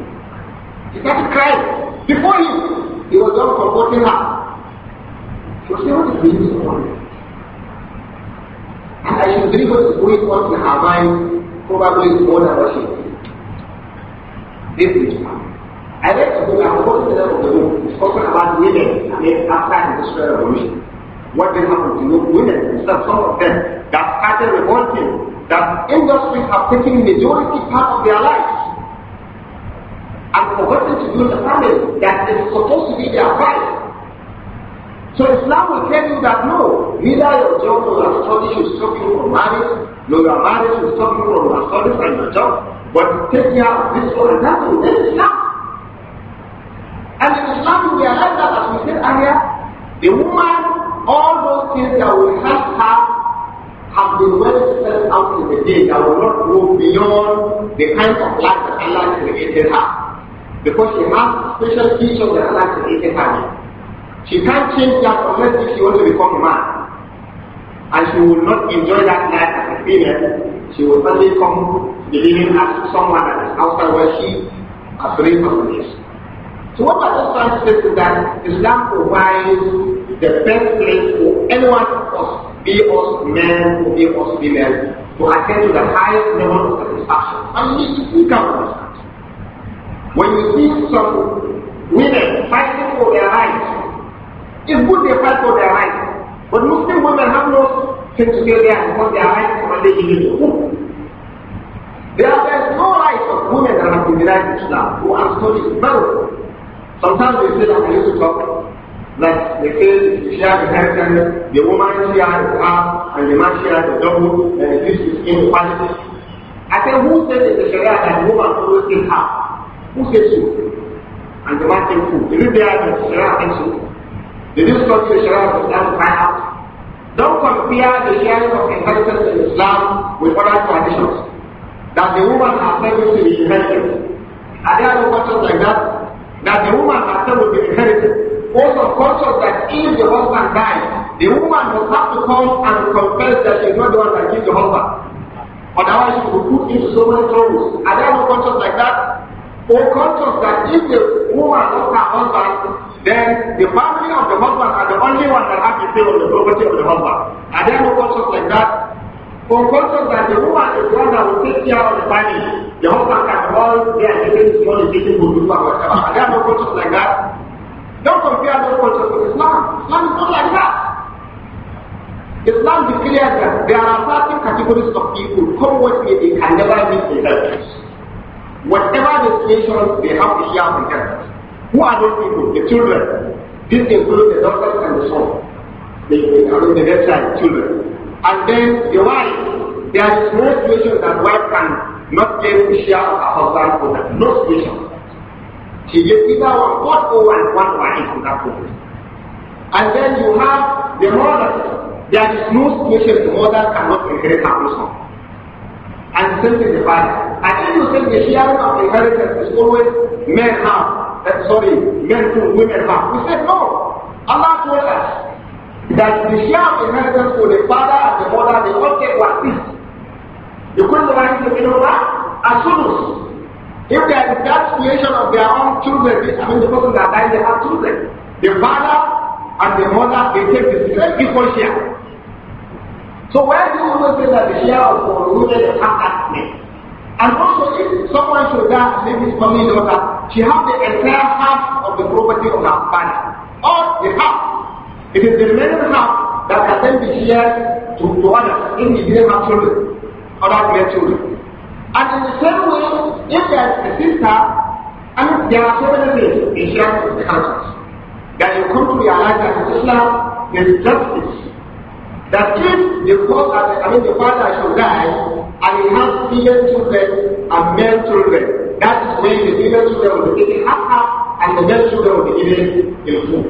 He started crying before him. He was just comforting her. She was saying, What is the use of all And I should believe what is going on in her mind probably is more than what she is. This is I read to book, I'm supposed to of the book, discussing about women and then after the Industrial Revolution. What did happen to women, instead some of them, that started revolting, that industries have taken majority part of their lives and forgetting to do the family that is supposed to be their right. So Islam will tell you that no, neither your job nor your studies should stop you from marriage, nor your marriage should stop you from your studies and your job, but take care of this one and that will then Islam. And in Islam are realize that as we said earlier, the woman, all those things that we have had have been well set out in the day that will not go beyond the kind of life that Allah created her. Because she has special features that to created her with. She can't change that unless if she wants to become a man. And she will not enjoy that life as a female. She will only come believing as someone that is outside where she as rape this. So what I just trying to say that Islam provides the best place for anyone of us, be us men or be us women, to attain to the highest level of satisfaction. And we, we can when you see some women fighting for their rights, it's good they fight for their rights. But Muslim women have no sense to say they are for their rights when they give There is no rights of women that have been denied Islam who are so marriage. Sometimes they say that I used to talk like they say the share the inheritance, the woman has the half, and the man has the double, and this is inequality. I say, who says in the Sharia that woman always have? half? Who says so? And the man says who? Did it there in Sharia think so? Did this not say Sharia of Islam by Don't compare the sharing of inheritance in Islam with other traditions. That the woman has never to be inherited. Are there no cultures like that? That the woman has never to be inherited. Also conscious that if the husband dies, the woman will have to come and confess that she is not the one that gives the husband. Otherwise she will put into so many troubles. Are there no cultures like that? Unconscious that if the woman lost her husband, then the family of the husband are the only one that have to pay on the property of the husband. Are there no conscious like that? Unconscious that the woman is the one that will take care of the family. The husband can all their business money taking good whatever. Are there no conscious like that? Don't compare those conscious with Islam. Islam is not like that. Islam declares that there are certain categories of people, come what may, they can never meet the heavens. Whatever the situation, they have to share from them. Who are those people? The children. This includes the daughters and the son. They include the left side, children. And then the wife. There is no situation that wife can not get to share her husband that. No situation. She gets either one God or one, one wife from that point. And then you have the mother. There is no situation the mother cannot inherit her husband. And same thing the father. Any reconciliation of inheritance is always men have. Uh, sorry, men to women have. We said no. Allah told us that the share of inheritance for the father and the mother, they all take one piece. You couldn't write the middle that? As soon as if they are in that situation of their own children, I mean the person that died, they have children. The father and the mother, they take the same equal share. So why do you always say that the share of women have? And also, if someone should die and leave his family daughter, she has the entire half of the property of her father. Or the
half.
It is the remaining half that can then be shared to, to others in the children, other great children. And in the same way, if there is a sister, and there are so many things in sharing with the that you come to realize that in Islam, there is justice that if the father, I mean the father should die, and he has female children and male children, that is when the female children will be taken half half, and the male children will be given in full.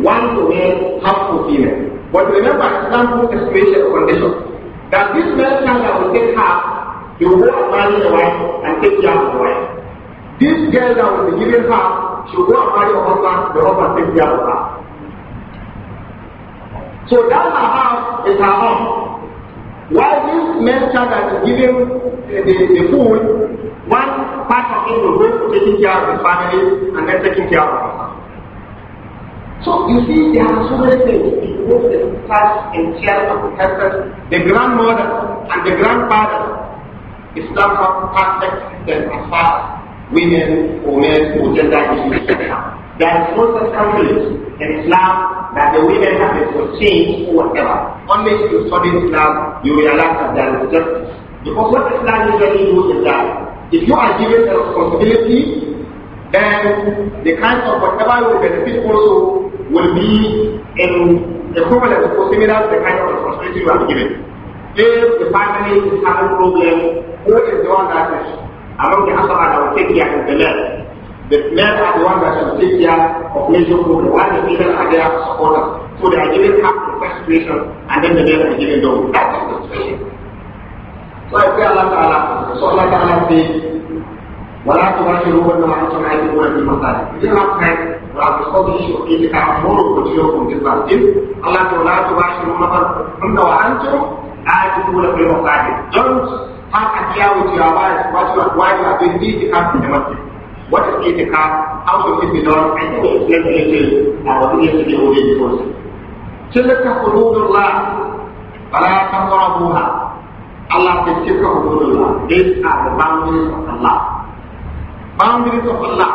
One to male, half to female. But remember, Islam puts a special condition that this male child that will take half, he will go and marry a wife and take care of the wife. This girl that will be given half, she will go and marry a husband, the husband takes care of her. So that house is her home. While this man child that is giving the, eh, the, the food, one part of him will go to taking care of the family and then taking care of her. So you see, there are so many things. It the class and care of the husband, the grandmother and the grandfather. is has perfect than as far women or men or gender issues are there is no such countries in Islam that the women have it for or whatever. Unless you study Islam, you realize that there is justice. Because what Islam usually do is that if you are given a responsibility, then the kind of whatever you benefit also will be in equivalent or similar to the kind of responsibility you are given. If the family is having problem, who is the one that is among the husband that will take care of the left? The men are the ones that should take care of major problems, while the women are there as supporters. So they are given half the first situation, and then the men are given double. That is the situation. So I pray Allah Ta'ala. So Allah Ta'ala says, ولا تباشرون وانتم عاكفون في المساجد. We didn't have time to have this whole issue of getting out more of what you're from this masjid. Allah said, ولا تباشرون وانتم عاكفون في المساجد. Don't have a care with your wives, what you are, why you have been busy, you have been in the masjid. What is itikaf? How should it be done? I think we explained it in our yesterday the day before. تلك حدود الله فلا تقربوها Allah says تلك حدود الله These are the boundaries of Allah. Boundaries of Allah.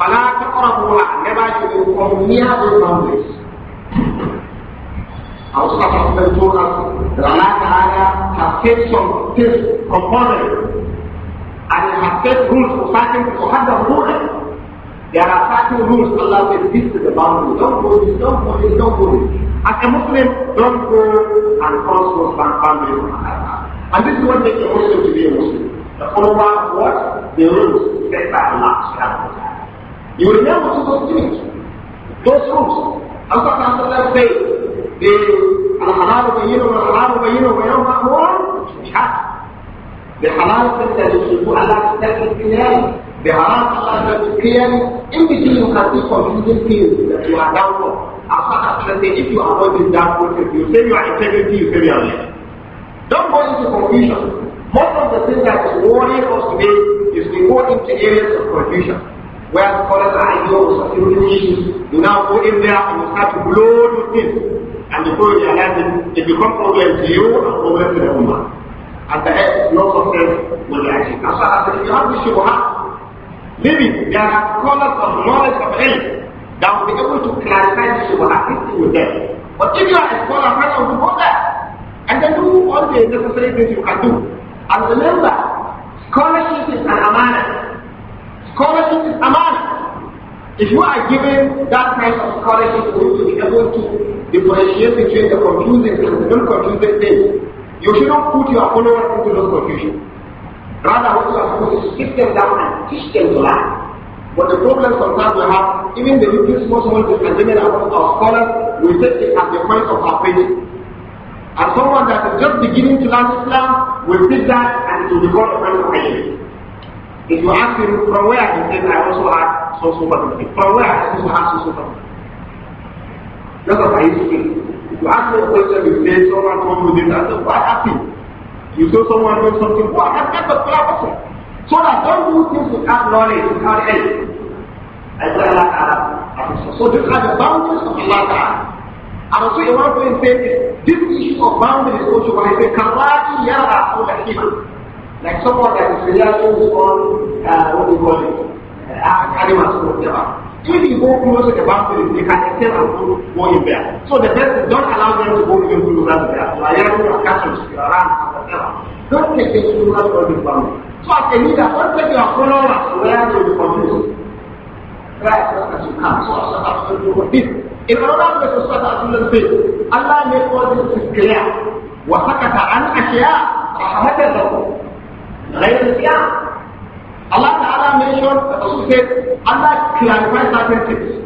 فلا تقربوها Never should you come near those boundaries. Our Prophet told us that Allah Ta'ala has said some things compulsory and you have set rules for certain people. Have the rules. There are certain rules Allah says this is the boundary. Don't go this, don't go this, don't go this. As a Muslim, don't go and cross those boundaries. And this is what makes a Muslim to be a Muslim. The follower of what? The rules set by Allah. You remember those things. Those rules. Allah Ta'ala says, the Al-Halal Bayyinu, Al-Halal Bayyinu, Bayyinu, Bayyinu, Bayyinu, Bayyinu, بحرارة التلوث وعلى التلوث بحرارة التلوث everything you can do from using things that you are down for. After that, if you avoid this dark process, you save your integrity, you save Don't go into confusion. Most of the things that is worrying us today is we go into areas of confusion where scholars are ideas of issues. You now go in there and you start to blow the things. And before you realize it, it becomes problem to you and problem to the woman also says, وَلْيَعْجِبْ Allah said, if you have the shubha, maybe there are scholars of knowledge of ilm that will be able to clarify the shubha, this with them. But if you are a scholar, find out to go And then do all the necessary things you can do. And remember, scholarship is an amana. Scholarship is amana. If you are given that kind of scholarship, you will be able to differentiate between the confusing and the non-confusing things. You should not put your followers into those confusion. Rather, what you are supposed to sit them down and teach them to learn. But the problem sometimes we have, even the little small small and women among our scholars, we take it as the point of our faith. And someone that is just beginning to learn Islam will take that and it will become a point of faith. If you ask him from where he says, I also have so so From where I also have so so That's what I used to if you ask me a question, you say someone told you this, I say, what happened? You saw someone doing something, what happened to the person? So that don't do things without knowledge, without help. And Allah So these are the boundaries of Allah Ta'ala. And also Imam Qayyim said this, this issue of boundaries also when I say, Karati yara ul Like someone that is relying on, uh, what do you call it, uh, animals whatever. If you go close to the bathroom, they can still and go, go in there. So the person, don't allow them to go even closer to there. You are yelling, you are catching, you are around, etc. Don't take the closer to the family. So as a leader, don't take your followers where they will confused. Try as much as you can. So as much as you can. In another verse of Surah Al-Sulam says, Allah made all this is clear. وَسَكَتَ عَنْ أَشْيَاءَ رَحْمَةً لَكُمْ غَيْرِ الْإِيَاءَ Allah other nations, also said, Allah clarified certain things.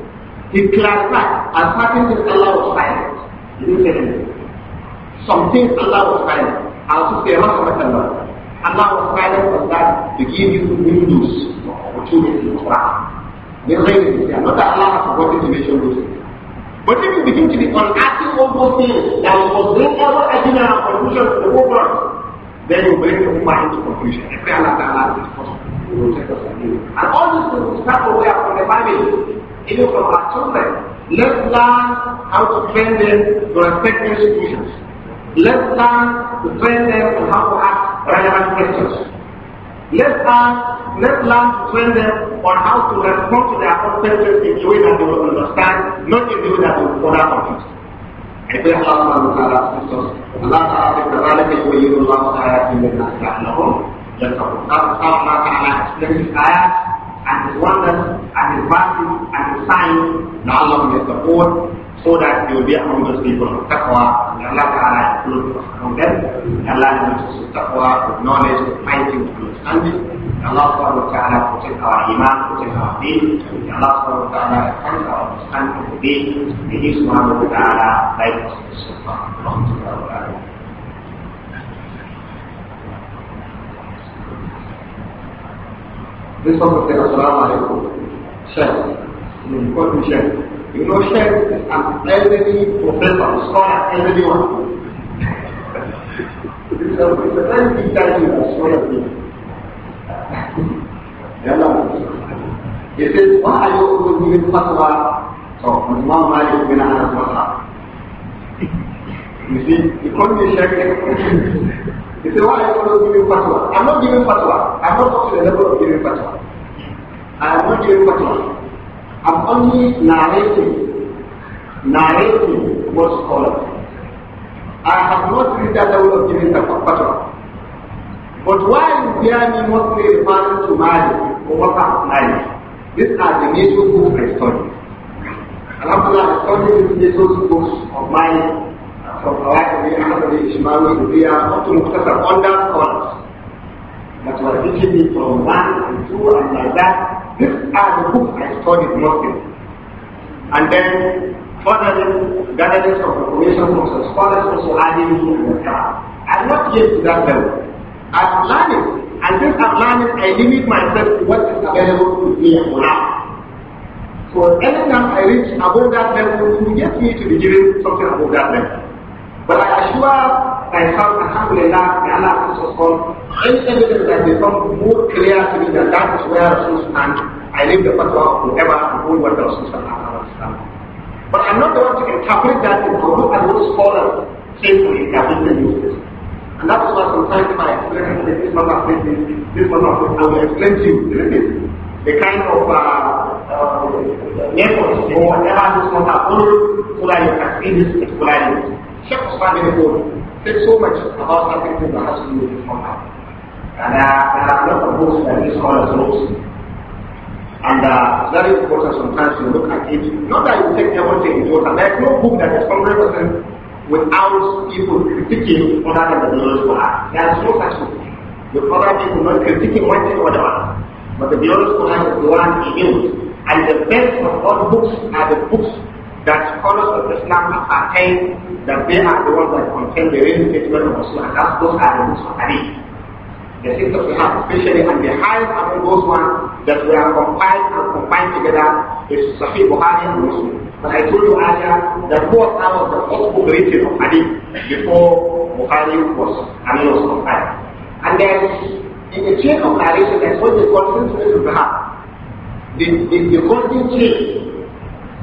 He clarifies and certain things Allah was silent. He Some things Allah was silent. I also say, Rahmatullah. Allah was silent on that to give you windows of opportunity in Quran. They not that to But if you begin to be unactive of those things, that was bring ever agenda and conclusion to the whole world, then you bring the Ummah into conclusion. possible will take us from evil. And all these things will start away from the family, even from our children. Let's learn how to train them to respect institutions. Let's learn to train them on how to ask relevant questions. Let's learn, let's learn to train them on how to respond to their offenses in a way that they will understand, not in a way that they will further confused. يقول الله سبحانه وتعالى في السورة الله تعالى كذلك يبين الله آياته للناس لعلهم That's all. God, God, Allah ayat and wonders signs. so that you be among those people of taqwa. May Allah Ta'ala include us among them. May Allah include us taqwa, with knowledge, mighty, Allah Ta'ala protect our iman, protect our deen. May Allah Ta'ala enhance our understanding of deen. May He Ta'ala us. Ta'ala. دي صفحة السلام عليكم شاهد من كل شاهد يقول له شاهد عن أدني وفطر صانع أدني وحده فتاني في التعليم الصورة دي يلا يقول ما يؤمن من فتوى من ما مالك من عن الفتوى يقول لي شاكر He said, why are you not giving fatwa? I'm not giving fatwa. I'm not up to the level of giving fatwa. I'm not giving fatwa. I'm only narrating, narrating what's called. I have not reached that level of giving fatwa. But why is hear me mostly referring to Mali or what happened Mali? These are the major books I study. Alhamdulillah, I study these major books of Mali from Rawatari, Ahmadi, Ishmael, Zubia, up to Muqtasar, all that scholars that were teaching me from one and two and like that. This are the books I studied mostly. And then further gatherings of information from some scholars also adding in and whatever. I'm not yet to that level. I'm learning. And since I'm learning, I limit myself to what is available to me for now. So anytime I reach above that level, you get me to be given something above that level. But I assure myself, Alhamdulillah, may Allah assist us all, any evidence that become more clear to me that that is where Rasul stands, I leave the fatwa of whoever and who what the Rasul But I'm not the one to interpret that into who and whose scholars say to interpret the And that's why sometimes if I explain this, this must have this, this must have I will explain to you, isn't it? The kind of uh, uh, or whatever this must have followed so that you can see this Sheikh Usman bin Ford There's so much about something that has to do with Quran. And uh, there are a lot of books that these scholars wrote. And uh, very important sometimes you look at it. Not that you take everything into account. There's no book that is 100% without people critiquing other than the biological Quran. There's no such book. The other people not critiquing one thing or the other. But the biological Quran is the one he used. And the best of all books are the books that scholars of Islam attain that they are the ones that contain the real statement of Rasul, and that's, those are the books of Hadith. The six of Islam especially, and the highest among those ones that we are compiled and combined together is Sahih Bukhari and Muslim. But I told you earlier that both are was the first book written of Hadith before Bukhari was, I mean, was compiled. And then, in the chain of narration, there's what they call Sinsulis The, the, the golden chain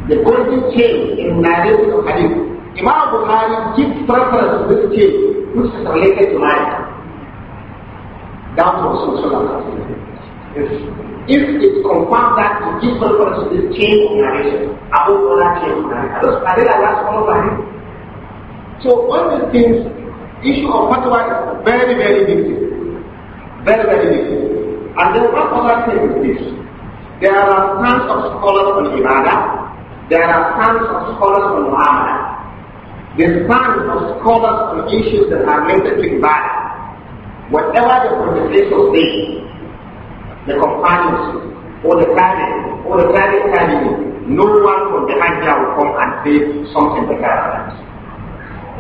the golden chain in narration of hadith. Imam Bukhari gives preference to this chain, which is related to life. Down to Rasulullah. If, if it's confirmed that he gives preference to this chain of narration, Abu Hurairah chain of narration, because Adela last one of hadith. So all these things, issue of fatwa is very, very big very, very difficult. And then one other thing is this. There are tons of scholars on Ibadah there are sons of scholars on Muhammad. The sons of scholars on issues that are related to Ibadah. Whatever the conversation is, the companions, or the family, or the family family, no one from the Hajjah will come and say something to than that.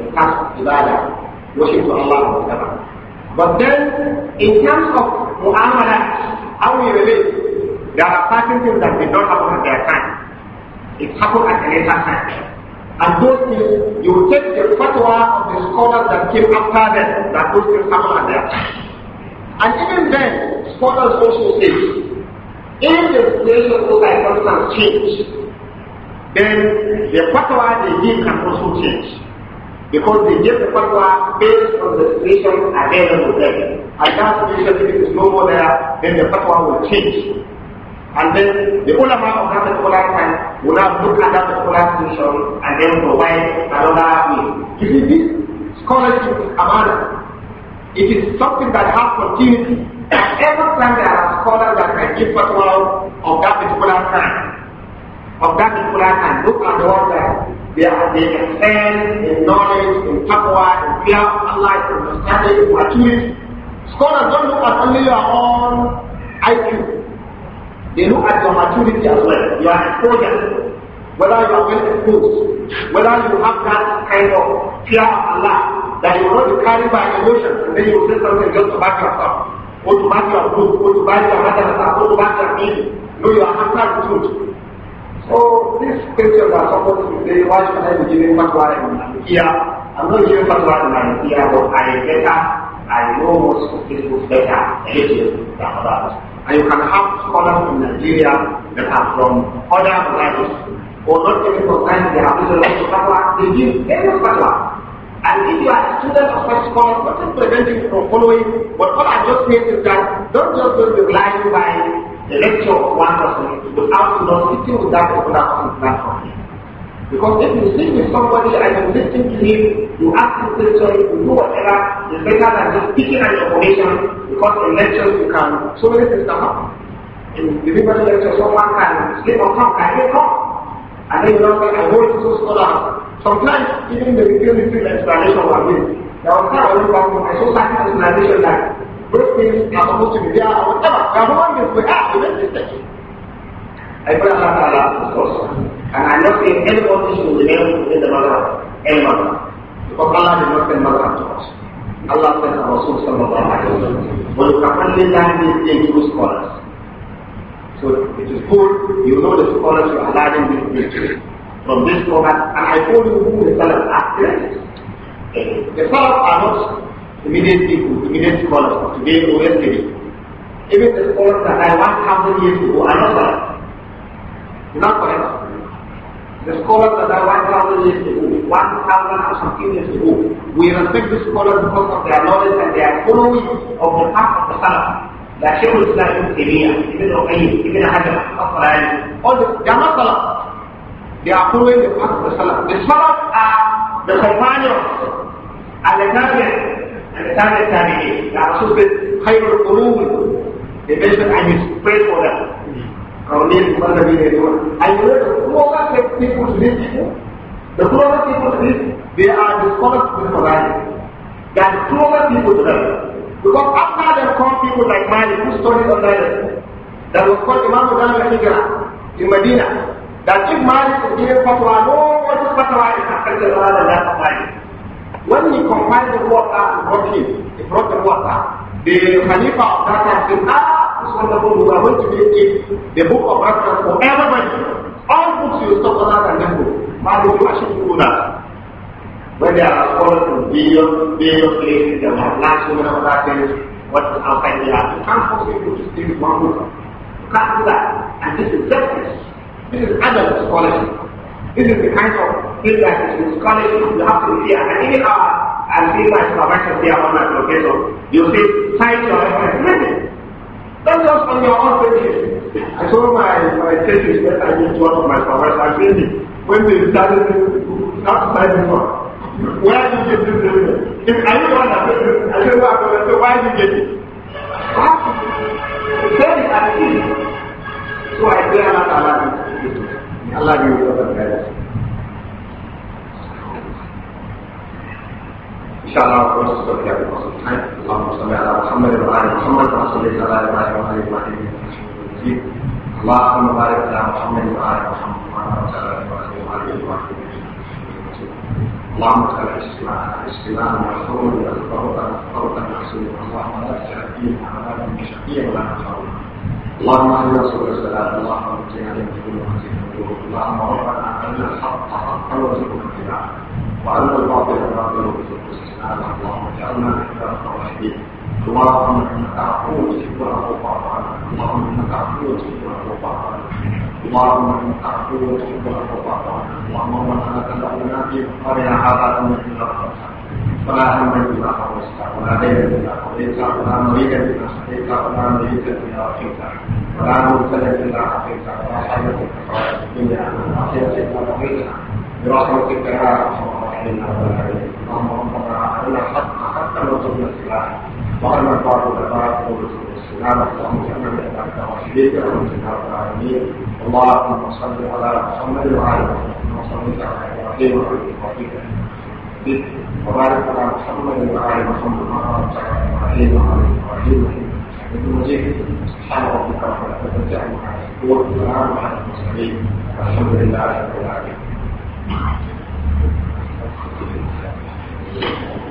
In terms of Ibadah, worship to Allah, whatever. But then, in terms of Muhammad, how we relate, there are certain things that did not happen at their time. It happened at a later time. And those things, you take the fatwa of the scholars that came after them, that those things happen at their time. And even then, scholars also say, if the situation of those circumstances change, then the fatwa they give can also change. Because they give the fatwa based on the situation available then. And that situation, if it is no more there, then the fatwa will change. And then the ulama of that particular time will have looked at that particular solution, and then provide another way. You see, this scholarship is amana. It is something that has continuity. And every time there are scholars that can give fatwa of that particular time, of that particular time, look at the one that they are they excel in knowledge, in taqwa, in fear of Allah, in understanding, in maturity. Scholars don't look at only your own IQ. They look at your maturity as well, your exposure, whether you are well exposed, whether you have that kind of fear of Allah, that you will not be carried by emotion, and then you will say something just to back yourself, or to back your group, or to back your madrasa, or to back your meaning. No, you are after truth. So these questions are supposed to say, why should I be giving fatwa in here? I'm not giving fatwa in Nigeria, but I better, I know most people better, ages than others. And you can have scholars from Nigeria that are from other countries, or not even sometimes they have little of fatwa, they give any fatwa. And if you are a student of such scholars, what is preventing you from following? But what I just said is that don't just rely on by the lecture of one person without you know sitting with that particular person's platform. Because if you sit with somebody and you listen to him, you ask him questions, you do whatever, it's better than just picking an information because in lectures you can, so many things come up. In the different lectures, someone can slip on tongue, can hear tongue. And then you don't say, I know it's so scholar. Sometimes, even the little little explanation was given. There was time I went back to my society explanation that those things are supposed to be there or whatever. They are human beings, we are, we don't make mistakes. I pray Allah Ta'ala of us. And I'm not saying anybody should remain in the mother, any mother. Because Allah did not send mother to us. Allah said to Rasul sallallahu alayhi wa sallam, وَلُكَفَلِّلَّهِ مِنْ scholars. So it is good, you know the scholars who are learning this me. From this format, and I told you who the scholars are. The scholars are not immediate people, immediate scholars, today or yesterday. Even the scholars that I 1,000 years ago are not scholars. Not forever. The scholars that are 1,000 years old, 1,000 or something years old, we respect the scholars because of their knowledge and their following of the path of the Salaf. Like Shaykh al-Islam ibn Taymiyyah, Ibn Uqayyim, Ibn Hajar, Al-Qalani, all the, they are not Salaf. They are following the path of the Salaf. The Salaf are the companions, and the Tabi'in, and the Tabi'in Tabi'in. They are also khayr al Qurun. They mention and you pray for them. Only the being they do. And know, the people to the people to they are the scholars in the society. They are the closer people to Because after they come people like Mali who study under them. That was called Imam Mudan al in Medina. That if Mali is given fatwa, no one's fatwa is the rather than that of Mali. When he combine the water and brought him, he brought the water. The Khalifa that has said, ah, this wonderful book, I'm going to be it the book of reference for everybody. All books you stop on that and then go. But the worship do that. When they are scholars from various, various places, they have large women of that things, what is outside the art. You can't force people to stay with one book. You can't do that. And this is justice. This is adult scholarship. This is the kind of thing that is in scholarship you have to hear. And even our. alfilma shi ba ka biya wannan professor you say find your reference don't just on your own finish I told my my teachers that I need one of my professors I said when they started not started before where did you get this if I didn't want to say this I said well I said why did you get it
then I see so I pray Allah Allah
Allah give you the guidance Allahumma barik Allahumma برحمتك الله ارحم الراحمين اللهم ربنا علينا الحق حتى لو تبنى السلاح وارنا الباطل باطل والسلام اللهم جعلنا من عبادك الراشدين ومن العالمين اللهم صل على محمد وعلى محمد وصليت على ابراهيم وعلى ابراهيم وبارك على محمد وعلى محمد وبارك على ابراهيم وعلى ابراهيم حميد مجيد سبحان ربك رب العزه عما يصفون وسلام على المرسلين والحمد لله رب العالمين Thank you.